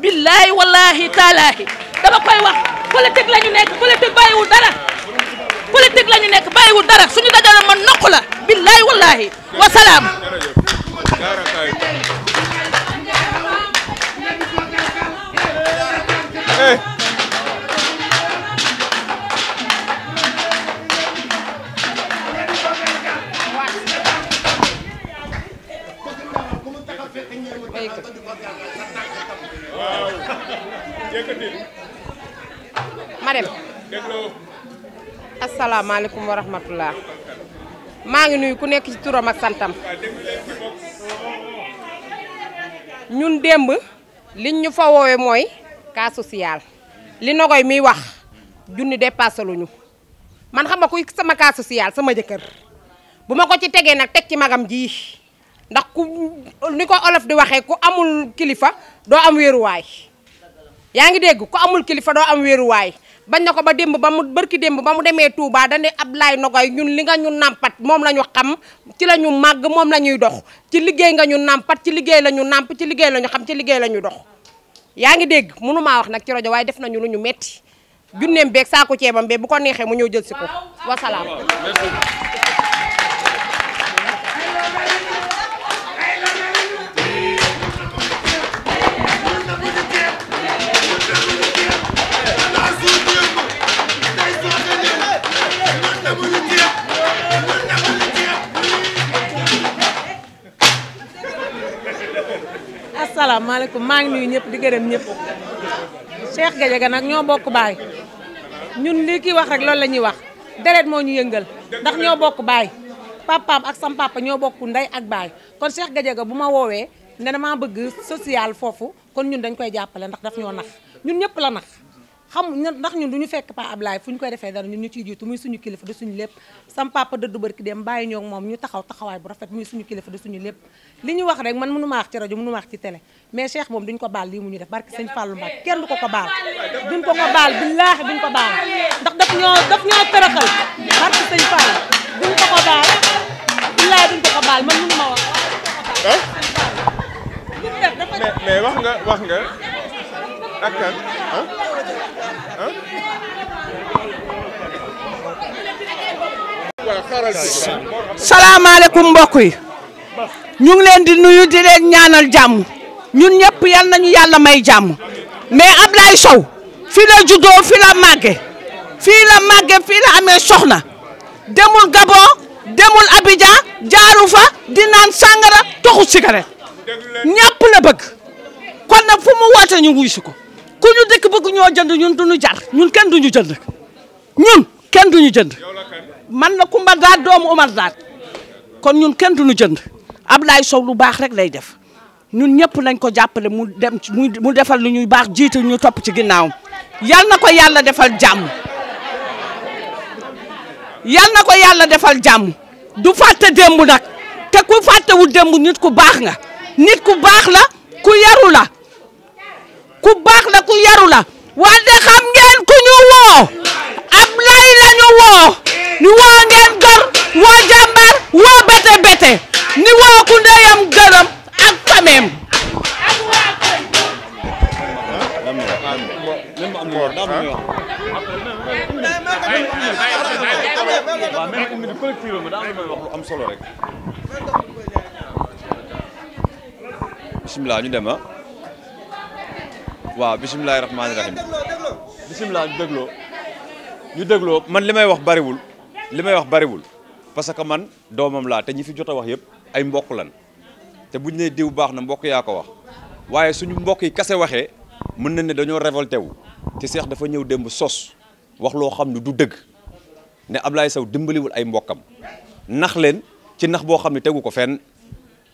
billaahi wallaahi taalaahi dama koy wax politique la ñu nekk politique bàyyiwul dara politique la ñu nekk bàyyiwul dara suñu dajale man noq la billaahi wallaahi wasalaam ma dem asalaamaaleykum wa rahmatulah maa ngi nuyu ku nekk ci turam ak santam ñun démb liñ ñu fa woowe mooy cas social li nogoy miy wax junni dépassé luñu man xam ku kuy sama cas social sama jëkkër bu ma ko ci tegee nag teg ci magam ji ndax ku ni ko olof di waxee ku amul kilifa doo am wéeruwaay yaa ngi dégg ku amul kilifa doo am wéeruwaay bañ na ko ba démb ba mu bërki démb ba mu demee Touba dañuy Ablaye Nogoy ñun li nga ñu nàmpat moom la ñu xam ci la ñu màgg moom la ñuy dox ci liggéey nga ñu nàmpat ci liggéey la ñu nàmp ci liggéey la ñu xam ci liggéey la ñu dox yaa ngi dégg mënu maa wax nag ci rajo waaye def nañu lu ñu metti junneem beeg saako ceebam beeg bu ko neexee mu ñëw jël si ko wasalaam salaamaaleykum maa ngi nuyu ñëpp di gërëm ñëpp Cheikh Gadiaga nag ñoo bokk baay ñun li kii wax rek loolu la ñuy wax deret moo ñu yëngal ndax ñoo bokk baay papaam ak sam ñoo bokk ndey ak baay kon Cheikh Gadiaga bu ma woowee ne damaa bëgg social foofu kon ñun dañ koy jàppale ndax daf ñoo nax ñun ñëpp la nax xam ndax ñun du ñu fekk Pa Ablaye fu ñu koy defee dara ñun ñu ciy jiitu muy suñu kilifa di suñu lépp sam papa dëddu barki dem bàyyi ñoo moom ñu taxaw taxawaay bu rafet muy suñu kilifa di suñu lépp li ñu wax rek man mënu maax ci rajo mënu maax ci télé mais Cheikh moom duñ ko baal lii mu ñu def barki sëñ Fallou Mbacke kenn du ko ko baal duñ ko ko baal billaahi duñ ko baal ndax daf ñoo daf ñoo tëraxal ko ko baal billaahi duñ ko ko baal man mënu ma wax eh? mais wax wax nga salaamaaleykum mbokk yi ñu ngi leen di nuyu ñaanal jàmm ñun ñëpp yal nañu yàlla may jàmm mais Ablaye Sow fii la juddoo fii la màgge fii la màgge fii la amee soxna demul Gabon demul Abidjan jaaru di naan sàngara toxu cigarette ñëpp la bëgg kon nag fu mu woote ñu wuyu si ko. ku ñu dëkk bëgg ñoo jënd ñun du ñu jar ñun kenn du ñu jënd ñun kenn du ñu man la Kumba Daat doomu Umar Daat kon ñun kenn du ñu jënd Ablaye Sow lu baax rek lay def ñun ñëpp nañ ko jàppale mu dem mu defal lu ñuy baax jiitu ñu topp ci ginnaawam yal na ko yàlla defal jàmm yal na ko yàlla defal jàmm du fàtte démb nag te ku fàttewul démb nit ku baax nga nit ku baax la ku yaru la. ku baax la ku yaru la wante ngeen ku ñu woo ab lay ñu woo ni woo ngeen gor woo jàmbar woo bete bete ni woo ku ndeyam gërëm ak fameem bismillah waaw bisimilah rahmaani rahim bisimilah ñu dégloo ñu dégloo man li may wax bariwul li may wax bariwul parce que man doomam laa te ñi fi jot a wax yëpp ay mbokk lan te buñ nee diw baax na mbokk yaa ko wax waaye suñu mbokk yi kase waxee mën na ne dañoo révolté wu te Cheikh dafa ñëw demb sos wax loo xam ne du dëgg ne Ablaye Sow dimbaliwul ay mbokkam nax leen ci nax boo xam ne tegu ko fenn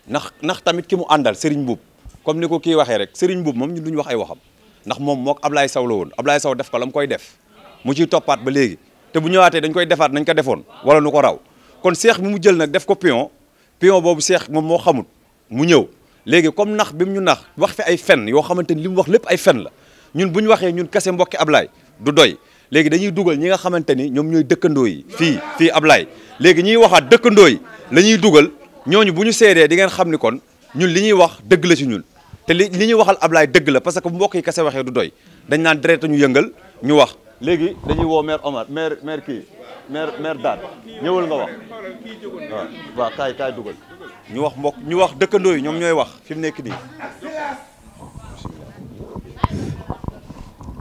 nax nax tamit ki mu àndal Serigne Mbuub comme ni ko kii waxee rek sëriñ Mbuub moom ñun duñu wax ay waxam ndax moom mook ablaay Sow la woon Ablaye Sow def ko la mu koy def mu ciy toppaat ba léegi te bu ñëwaatee dañ koy defaat nañ ko defoon wala nu ko raw kon seex bi mu jël nag def ko pion pion boobu seex moom moo xamut mu ñëw léegi comme nax bi mu ñu nax wax fi ay fen yoo xamante ni li mu wax lépp ay fen la ñun bu ñu waxee ñun kese mbokki Ablaye du doy léegi dañuy dugal ñi nga xamante ni ñoom ñooy dëkkandoo yi fii fii Ablaye léegi ñuy waxaat dëkkandoo yi la ñuy dugal ñooñu bu ñu seedee di xam ni kon ñun li ñuy wax dëgg la ci ñun te li li ñu waxal Ablaye dëgg la parce que bu mbokk yi kese waxee du doy dañ naan deret ñu yëngal ñu wax léegi dañuy woo maire Omar maire maire kii maire ñëwal nga wax waaw dugal ñu wax mbokk ñu wax dëkkandoo yi ñoom ñooy wax fi mu nekk nii.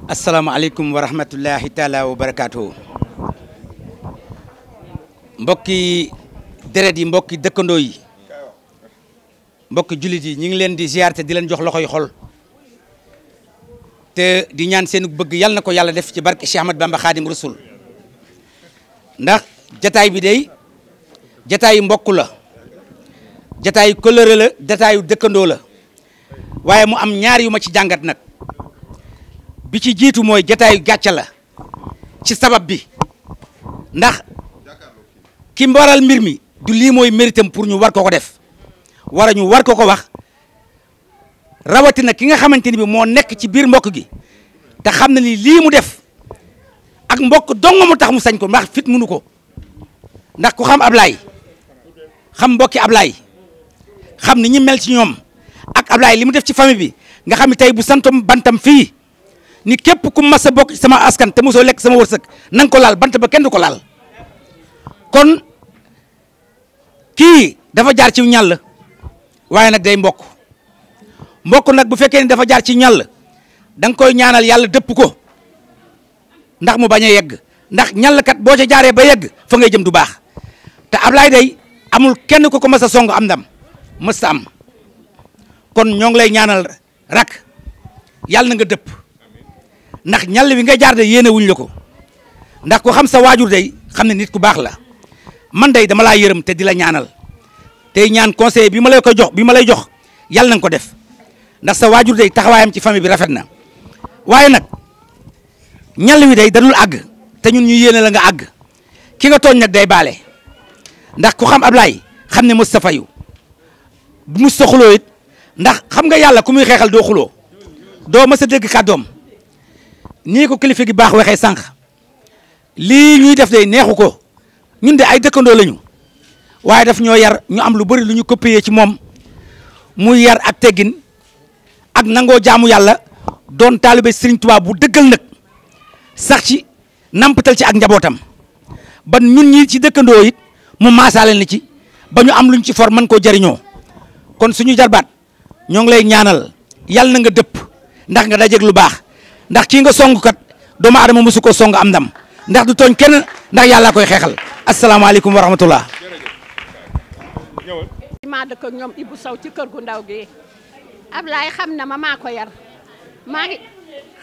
asalaamaaleykum wa rahmatullahi taala wa barakaatu. mbokki deret yi mbokki dëkkandoo yi. mbokk jullit yi ñu ngi leen di ziar te di leen jox loxoy xol te di ñaan seen bëgg yàlla na ko yàlla def ci barke Cheikh Ahmad Bamba Khadim Rasul ndax jataay bi day jataayu mbokk la jataayu kóllëre la jataayu dëkkandoo la waaye mu am ñaar yu ma ci jàngat nag bi ci jiitu mooy jataayu gàcce la ci sabab bi ndax kim mbaral mbir mi du lii mooy méritam pour ñu war ko ko def war a ñu war ko ko wax rawatina ki nga xamante ni bi moo nekk ci biir mbokk gi te xam na ni lii mu def ak mbokk dong mu tax mu sañ ko ndax fit mënu ko ndax ku xam ablaay xam mbokki ablaay xam ni ñi mel ci ñoom ak Ablaye li mu def ci famille bi nga xam ne tey bu santom bantam fii ni képp ku mas a bokk sama askan te mosoo lekk sama wërsëg na ko laal bant ba kenn du ko laal kon kii dafa jaar ci ñàll waaye nag day mbokk mbokk nag bu fekkee ni dafa jaar ci ñal da nga koy ñaanal yàlla dëpp ko ndax mu bañ a yegg ndax ñàllkat boo ca jaaree ba yegg fa ngay jëm du baax te Ablaye day amul kenn ku ko mës a song am ndam mës a am kon ñoo ngi lay ñaanal rak yàlla na nga dëpp ndax ñal wi nga jaar de yéene wuñ la ko ndax ku xam sa waajur day xam ne nit ku baax la man day dama laa yërëm te di la ñaanal tey ñaan conseil bi ma lay ko jox bi ma lay jox yàlla na nga ko def ndax sa waajur dey taxawaayam ci famille bi rafet na waaye nag ñal wi day dadul àgg te ñun ñu yéene la nga àgg ki nga tooñ nag day baale ndax ku xam Ablaye xam ne mës sa fayu bu mës it ndax xam nga yàlla ku muy xeexal doo xuloo doo mës a dégg kàddoom nii ko kilifa gi baax waxee sànq lii ñuy def day neexu ko ñun de ay dëkkandoo lañu waaye def ñoo yar ñu am lu bari lu ñu copier ci moom muy yar ak teggin ak nangoo jaamu yàlla doon taalibe Serigne tubaab bu dëggal nag sax ci nampatal ci ak njabootam ba ñun ñi ci dëkkandoo it mu maasaale ni ci ba ñu am luñ ci for mën koo jariñoo kon suñu jarbaat ñoo ngi lay ñaanal yàlla na nga dëpp ndax nga dajeeg lu baax ndax kii nga song kat doomu aadama mosu koo song am ndam ndax du tooñ kenn ndax yàllaa koy xeexal asalaamaaleykum wa rahmatullah maa dëkk ak ñoom Ibou saw ci kër gu ndaw gi Ablaye xam na ma maa ko yar maa ngi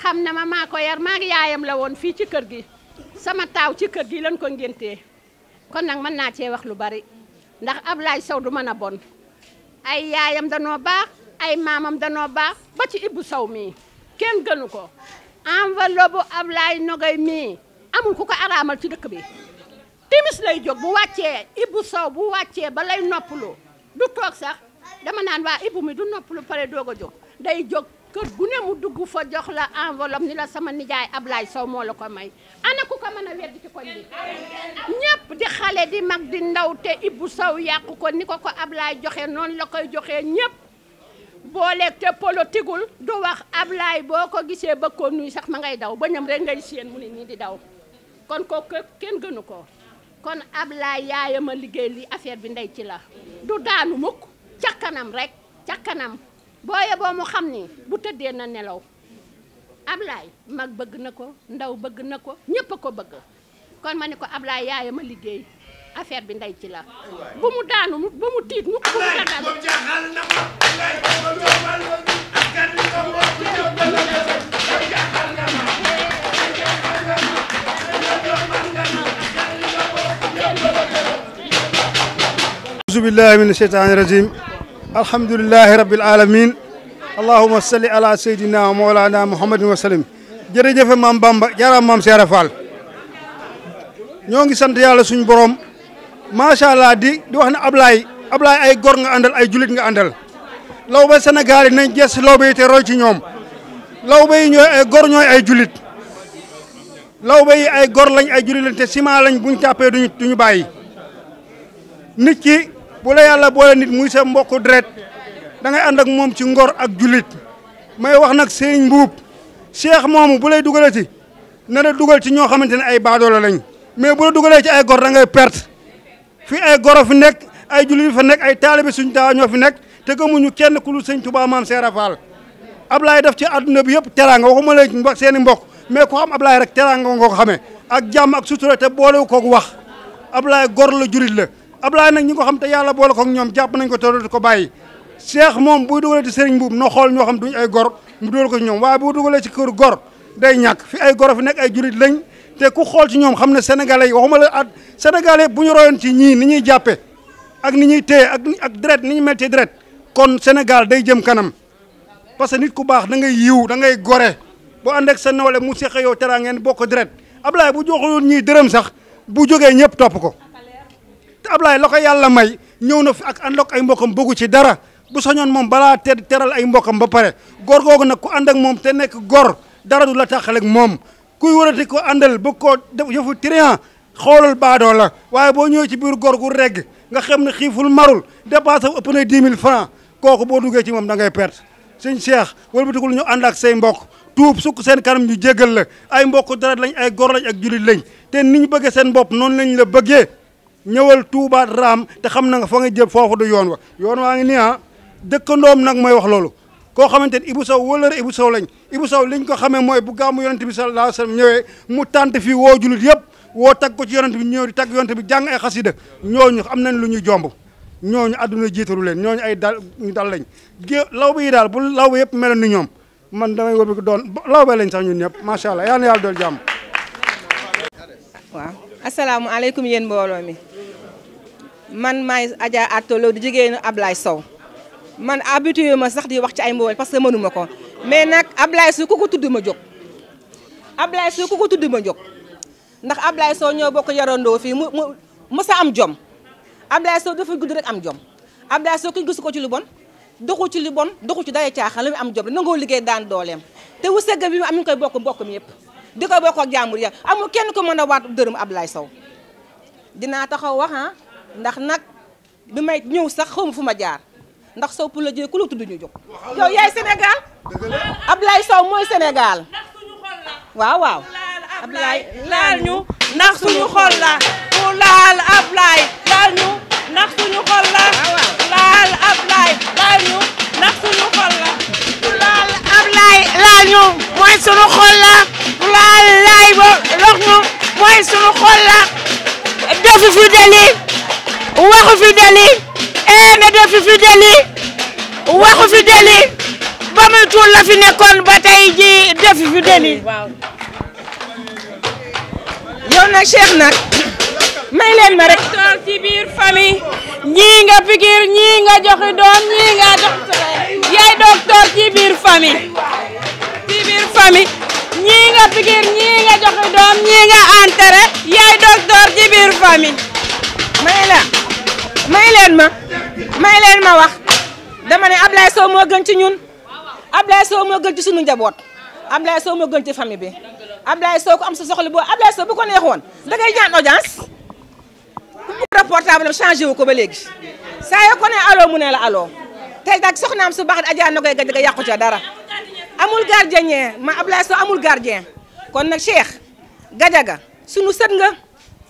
xam na ma maa ko yar maa ngi yaayam la woon fii ci kër gi sama taaw ci kër gi lañ ko ngénte kon nag mën naa cee wax lu bari ndax Ablaye saw du mën a bon ay yaayam danoo baax ay maamam danoo baax ba ci Ibou saw mii kenn gënu ko enveloppe bu Ablaye Nogay mii amul ku ko araamal ci dëkk bi timis lay jóg bu wàccee Ibou saw bu wàccee ba lay noppalu du toog sax dama naan waa Ibou mi du lu pare doog a jóg day jóg kër gu ne mu dugg fa jox la enveloppe ni la sama nijaay Ablaye saw moo la ko may ana ku ko mën a wedd ci koñ bi ñëpp di xale di mag di ndaw te Ibou saw yàqu ko ni ko ko Ablaye joxe noonu la koy joxee ñëpp booleeg te politigul du wax Ablaye boo ko gisee ba ko nuy sax ma ngay daw ba ñam rek ngay séen mu ne nii di daw kon ko kenn gënu ko kon Ablaye yaayam a liggéey li affaire bi ndey ci la du daanu mukk ca kanam rekk ca kanam booye boo mu xam ni bu tëddee na nelaw Ablaye mag bëgg na ko ndaw bëgg na ko ñépp a ko bëgg kon ma ni ko Ablaye yaayam a liggéey affaire bi ndey ci la bu mu daanu bu mu tiit mukk bu mu ragal auzu billahi min asheytaani rajim alhamdulilahi alamin allahuma salli ala seydina wa mawlana muhammadin wa salim jërëjëfe maam bamba jaaraam maam seera fall ñoo ngi sant yàlla suñu borom macha di di wax ne ablaay ablaay ay gor nga àndal ay julit nga àndal law ba sénégal yi nañ ges lawbe yi te roy ñoom lawbe ñooy ay gor ñooy ay julit lawbe ay gor lañ ay julit lañ te ciment lañ buñ tàppee duñu duñu bàyyi bu la yàlla boole nit muy seen mbokku deret dangay ngay ak moom ci ngor ak jullit may wax nag sëriñ mbuub cheikh moomu bu lay dugalati na la dugal ci ñoo xamante ne ay baadoola lañ mais bu la dugalee ci ay gor dangay ngay perte fi ay goro fi nekk ay jullit fa nekk ay taalibe suñu taa ñoo fi nekk te gëmuñu kenn ku lu sëñ Tuubaa maam Seera Faal Ablaay def ci àdduna bi yëpp teraanga waxuma la mbokk seen i mbokk mais ku xam Ablaay rek teraanga nga ko xamee ak jàmm ak sutura te boolewu koog wax Ablaay gor la jullit la Ablaye nag ñi ko xam te yàlla boole ko ak ñoom jàpp nañ ko te dootu ko bàyyi Cheikh moom buy dugalee ci sëriñ buub no xool ñoo xam duñ ay gor mu dugal ko ci ñoom waaye bu dugalee ci kër gor day ñàkk fi ay goro fi nekk ay jurit lañ te ku xool ci ñoom xam ne sénégalais yi waxuma la at sénégalais bu ñu royoon ci ñii ni ñuy jàppe ak ni ñuy téye ak ak deret ni ñu metti deret kon Sénégal day jëm kanam parce que nit ku baax da ngay yiw dangay gore boo ànd ak sa mu seq yow teraa ngeen bokk deret Ablaye bu joxuloon ñii dërëm sax bu jógee ñëpp topp ko ab la ko yàlla may ñëw na fi ak ànd ay mbokkam bëggu ci dara bu soñoon moom balaa ter teral ay mbokkam ba pare góor googu nag ku ànd ak moom te nekk gor dara du la taxal ak moom kuy warati ko àndal bëgg koo def yëfu trian xoolal baadoo la waaye boo ñëwee ci biir gor gu regg nga xam ne xiiful marul dépassé ëpp na 10 000 kooku boo duggee ci moom da ngay perte sëñ Cheikh wëlbatikul ñu ànd ak say mbokk tuub sukk seen kanam ñu jegal la ay mbokk dara lañ ay gor lañ ak julit lañ te ni ñu bëggee seen bopp noonu lañ la bëggee ñëwal Touba raam te xam na nga fa nga jëm foofu du yoon wa yoon waa ngi nii ah dëkkandoom nag mooy wax loolu koo xamante ni Ibou Sow wëlëre Ibou Sow lañ Ibou Sow liñ ko xamee mooy bu gàmmu yonent bi sallallahu alayhi wasallam ñëwee mu tànt fii woo julit yëpp woo tag ko ci yonent bi ñëw di tag yonent bi jàng ay xasida ñooñu am nañ lu ñuy jomb ñooñu àdduna jiitalu leen ñooñu ay dal ñu dal lañ gé law ba yi daal bu law ba yëpp mel ni ñoom man damay wóor bi doon law ba lañ sax ñun ñëpp macha allah yal na yàlla dool jàmm waaw asalaamaaleykum yéen mbooloo mi man maay Adja Atta Lo di jigéenu Ablaye Sow man habitué ma sax di wax ci ay mbooloo parce que mënuma ko mais nag Ablaye Sow ku ko tudd ma jóg Ablaye Sow ku ma jóg ndax Ablaye Sow ñoo bokk yarandoo fii mu mu mësa am jom Ablaye Sow dafa gudd rek am jom Ablaye Sow ku gisu ko ci lu bon doxu ci lu bon doxu ci day caaxaan la mu am jom la nangoo liggéey daan dooleem te wu segg bi mu am ñu koy bokk mbokk mi yëpp di koy bokk ak jàmbur ya amul kenn ko mën a waat dërëm Ablaye Sow dinaa taxaw wax ah ndax nag bi may ñëw sax xaw ma fu ma jaar ndax Sow pour la jëlee ku la tudd ñu jóg. yow yaay Sénégal Ablaye Sow mooy Sénégal waaw waaw. Ablaye laal ñu ndax suñu xol la ku laal Ablaye laal ñu ndax suñu ñu xol la. ku laal Ablaye laal ñu mooy suñu xol la ku laal laay ba. deli eh, ñii nga pikiir ñii nga joxi doom ñii nga docteur yaay docteur ci biir famille ci may leen ma may leen ma wax dama ne Ablaye Sow moo gën ci ñun Ablaye Sow moo gën ci sunu njaboot Ablaye Sow moo gën ci famille bi Ablaye Sow ku am sa soxla boo Ablaye Sow bu ko neexoon dangay ñaan audience. changé wu ko ba léegi saa yoo ko mu ne la allo tey nag soxnaam su baax Adja Nogaye Gadjaga nga yàqu ca dara amul gardien ma Ablaye Sow amul gardien kon nag Cheikh Gadjaga sunu sët nga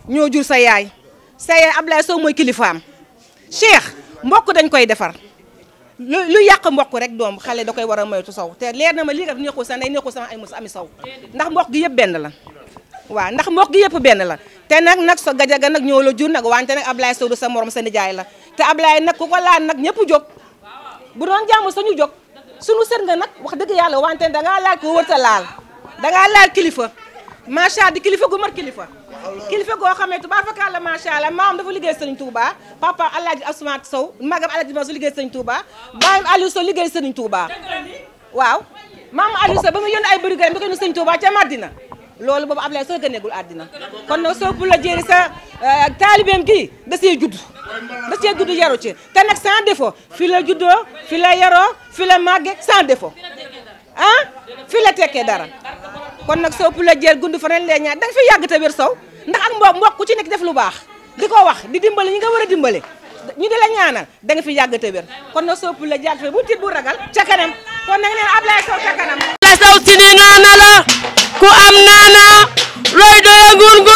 ñoo jur sa yaay sa yaay Ablaye Sow mooy kilifaam. cheikh mbokk dañ koy defar lu lu yàq mbokk rek doom xale da koy war a moytu saw te leer na ma lii nga nekkul sax day nekkul sama ay mus ami saw ndax mbokk gi yëpp benn la waaw ndax mbokk gi yëpp benn la te nag nag sa gajaga nag ñoo la jur nag wante nag Ablaye Sow du sa morom sa nijaay la te Ablaye nag ku ko laal nag ñëpp jóg bu doon jàmm sañu jóg suñu sër nga nag wax dëgg yàlla wante dangaa laal ko wërta laal dangaa laal kilifa macha di kilifa gu mat kilifa kilifa goo xamee tubaab fa kàlla macha allah maam dafa liggéey sëriñ Touba papa Alaaji Asumaat Sow magam Alaaji Asumaat Sow liggéey sëriñ Touba baayam Aliou Sow liggéey sëriñ Touba waaw maam Aliou Sow ba mu yónni ay bërigaram bi ko ñu sëriñ Touba ca Madina loolu boobu Ablaye Sow gëneegul àddina kon nag soo pour la jéeri sa euh, taalibeem gi da see judd da see judd yaru ci te nag sans défaut fi la juddoo fi la yaroo fi la màggee sans défaut ah fi la tekkee dara kon nag soo pula jël gudd fan leen ñaan danga fi yàgg te wér sow ndax ak mbokk mbokk ku ci nekk def lu baax di ko wax di dimbali ñi nga war a dimbali ñu di la ñaanal danga fi yàgg te wér kon nag soo pula jàll fe bu tiit bu ragal ca kanam kon nag neen Ablaye Sow ca kanam Ablaye Sow si ni naana la ku am naana looy doyagul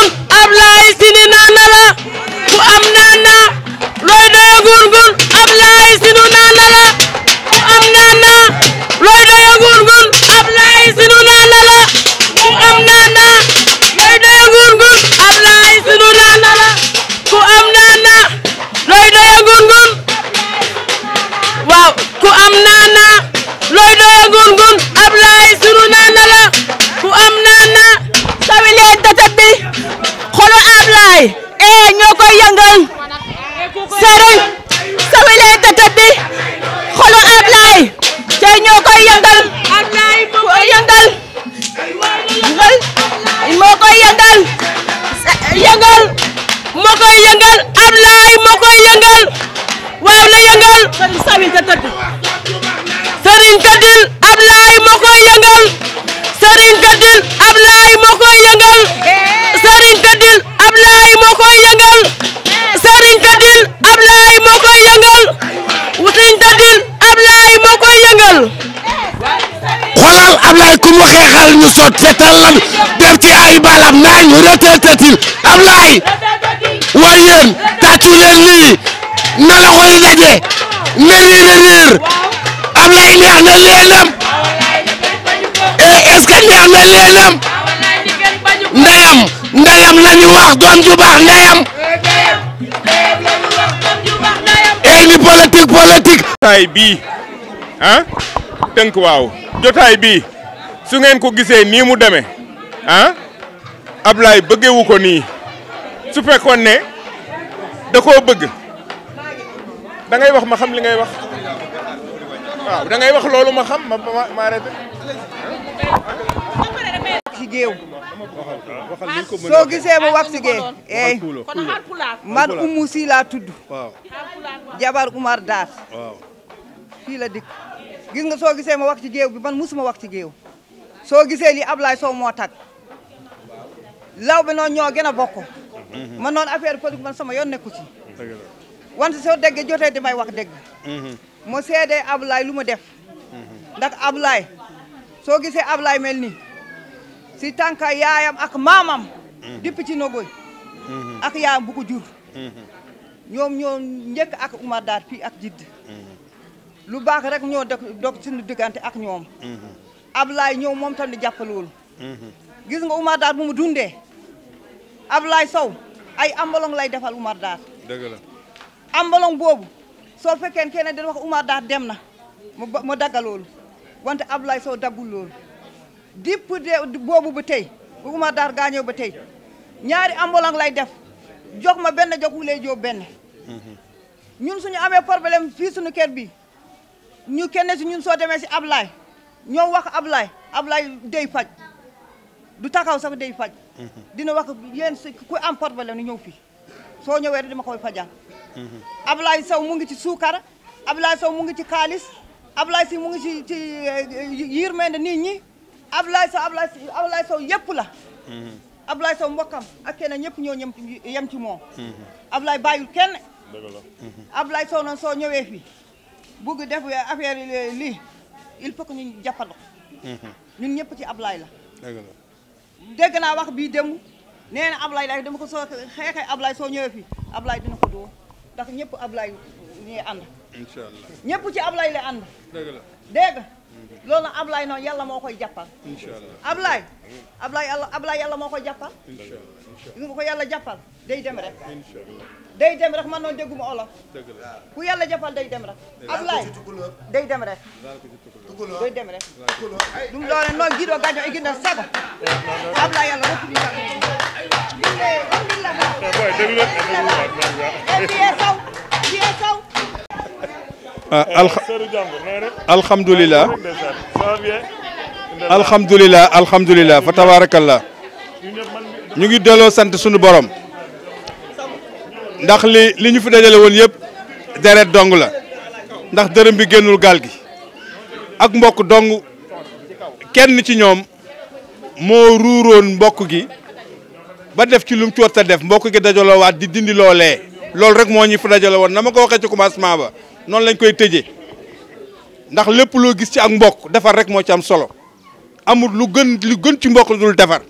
ñu sotte tallan def ci ay balam naañ retetetil am laay way yéen tàccu leen lii na la koy daje na réer neex na leenam eh, est-ce que neex na leenam ndeyam ndeyam la ñu wax doom ju baax ee eh, ni politique politique jotaay bii ah? su ngeen ko gisee nii mu demee ah Ablaye bëggewu ko nii su fekkoon ne da koo bëgg dangay wax ma xam li ngay wax waaw dangay wax loolu ma xam ma ma ma arrêté. ci géew soo gisee mu wax ci géew eey man umu si laa tudd jabar Umar Dar fii la dikk gis nga soo gisee ma wax ci géew bi man musuma wax ci géew soo gisee lii Ablaye moo tax law bi noonu ñoo gën a bokk mhm. man noonu affaire politique man sama yoon nekku ci wante soo dégg jotee may wax dégg mhm. mu seedee Ablaye lu ma def mhm. ndax Ablaye soo gisee Ablaye mel ni si tànka yaayam ak maamam depuis ci nogoy ak yaayam bu ko jur ñoom ñoo njëkk ak Oumar Dar fii ak jidd lu baax rek ñoo dog dog suñu diggante ak ñoom Ablaye ñëw moom tam di jàppale gis nga Oumar Dar bu mu dundee Ablaye Sow ay ambalong lay defal Oumar Dar dëgg la boobu soo fekkee kenn dina wax Oumar dem na mu dagga loolu wante Ablaye Sow daggul loolu dipp de boobu ba tey bu Oumar Dar gaañoo ba tey ñaari ambalong lay def jox ma benn jox wulee joo benn mm-hmm. ñun suñu amee problème fii suñu kër bi ñu kenn si ñun soo demee si Ablaye ñoo wax Ablaye Ablaye day faj du taxaw sax day faj. Mhm. dina wax yéen si ku am problème ñëw fi soo ñëwee rek dama koy fajal. Mhm. Ablaye Sow mu ngi ci suukar Ablaye saw mu ngi ci xaalis Ablaye si mu ngi ci ci yërmande nit ñi Ablaye Sow Ablaye Ablaye la. Mhm. Ablaye Sow mbokkam ak kenn ñëpp ñoo ñem ci yem ci moom. Ablaye bàyyul kenn. dëgg la Ablaye soo ñëwee fii bugg def affaire lii. il faut que ñu jàppandu mm-hmm. ñun ñëpp ci Ablaye la dëgg naa wax bii dem nee ab Ablaye day dama ko soo xeexee Ablaye soo ñëwee fii Ablaye dina ko dóor ndax ñëpp Ablaye ñuy ànd incha allah ñëpp ci ab lay ànd dégg mm-hmm. loolu ab Ablaye noonu yàlla moo koy jàppal incha allah Ablaye Ablaye yàlla Ablaye yàlla moo koy jàppal gis nga ko yàlla jàppal day dem rek day dem rek man noonu dégguma olof ku yàlla jàppal day dem rek Ablaye day dem rek day dem rek ɗum ɗone noon jiiɗo gaño e guinɗen sago Ablaye yàlla rokkudi sago ille on millaa e mbiye saw mbiye saw alhamdulillah alhamdulillah alhamdulillah fa tabarakallah ñu ngi deloo sant suñu borom ndax li li ñu fi dajale woon yëpp deret dong la ndax dërëm bi génnul gaal gi ak mbokk dong kenn ci ñoom moo ruuroon mbokk gi ba def ci lum mu ci def mbokk gi dajaloowaat di dindi loolee loolu rek moo ñu fi dajale woon na ma ko waxee ci commencement ba noonu lañ koy tëje ndax lépp loo gis ci ak mbokk defar rek moo ci am solo amul lu gën lu gën ci mbokk dul defar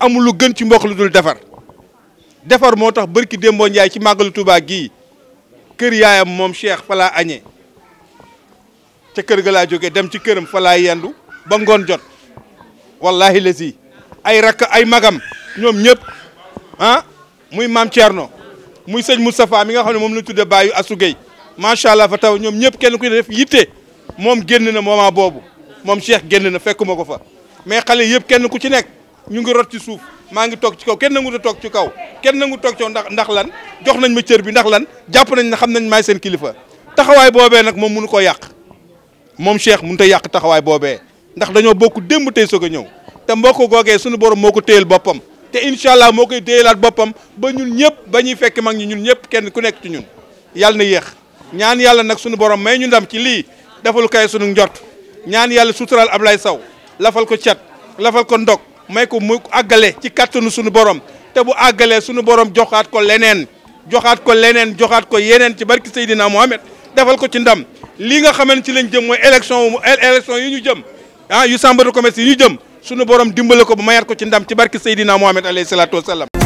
amul lu gën ci mbokk lu dul defar defar moo tax bërki démboo Njaay ci màggalu Tuubaa gii kër yaayam moom Cheikh fa añe añee ca kër ga laa jógee dem ci këram falaa laa yendu ba ngoon jot wallahi lesi ay rakk ay magam ñoom ñëpp ah muy maam Thierno muy sëñ Moustapha mi nga xam ne moom la tudde baayu Assou Gueye macha allah fa taw ñoom ñëpp kenn ku def yitte moom génn na moment boobu moom Cheikh génn na fekkuma ko fa mais xale yëpp kenn ku ci nekk. ñu ngi rot ci suuf maa ngi toog ci kaw kenn nangu ta toog ci kaw kenn nangu toog ci kaw ndax ndax lan jox nañ ma cër bi ndax lan jàpp nañ ne xam nañ maay seen kilifa taxawaay boobee nag moom mënu ko yàq moom Cheikh mënut a yàq taxawaay boobee ndax dañoo bokk démb tey soog a ñëw te mbokk googee suñu borom moo ko téyel boppam te incha allah moo koy téyelaat boppam ba ñun ñëpp ba ñuy fekk mag ñi ñun ñëpp kenn ku nekk ci ñun yàlla na yéex ñaan yàlla nag suñu borom may ñu ndam ci lii defal kay suñu njort ñaan yàlla suturaal Ablaye Sow lafal ko cat lafal ko ndog may ko mu àggale ci kàttanu suñu borom te bu àggalee sunu borom joxaat ko leneen joxaat ko leneen joxaat ko yeneen ci barki Seydina Mohamed defal ko ci ndam lii nga xamante ci lañ jëm mooy élection élection yi ñu jëm ah yu chambre de commerce yi ñu jëm suñu borom dimbale ko ba mayaat ko ci ndam ci barki Seydina Mohamed alayhi salaatu wasalaam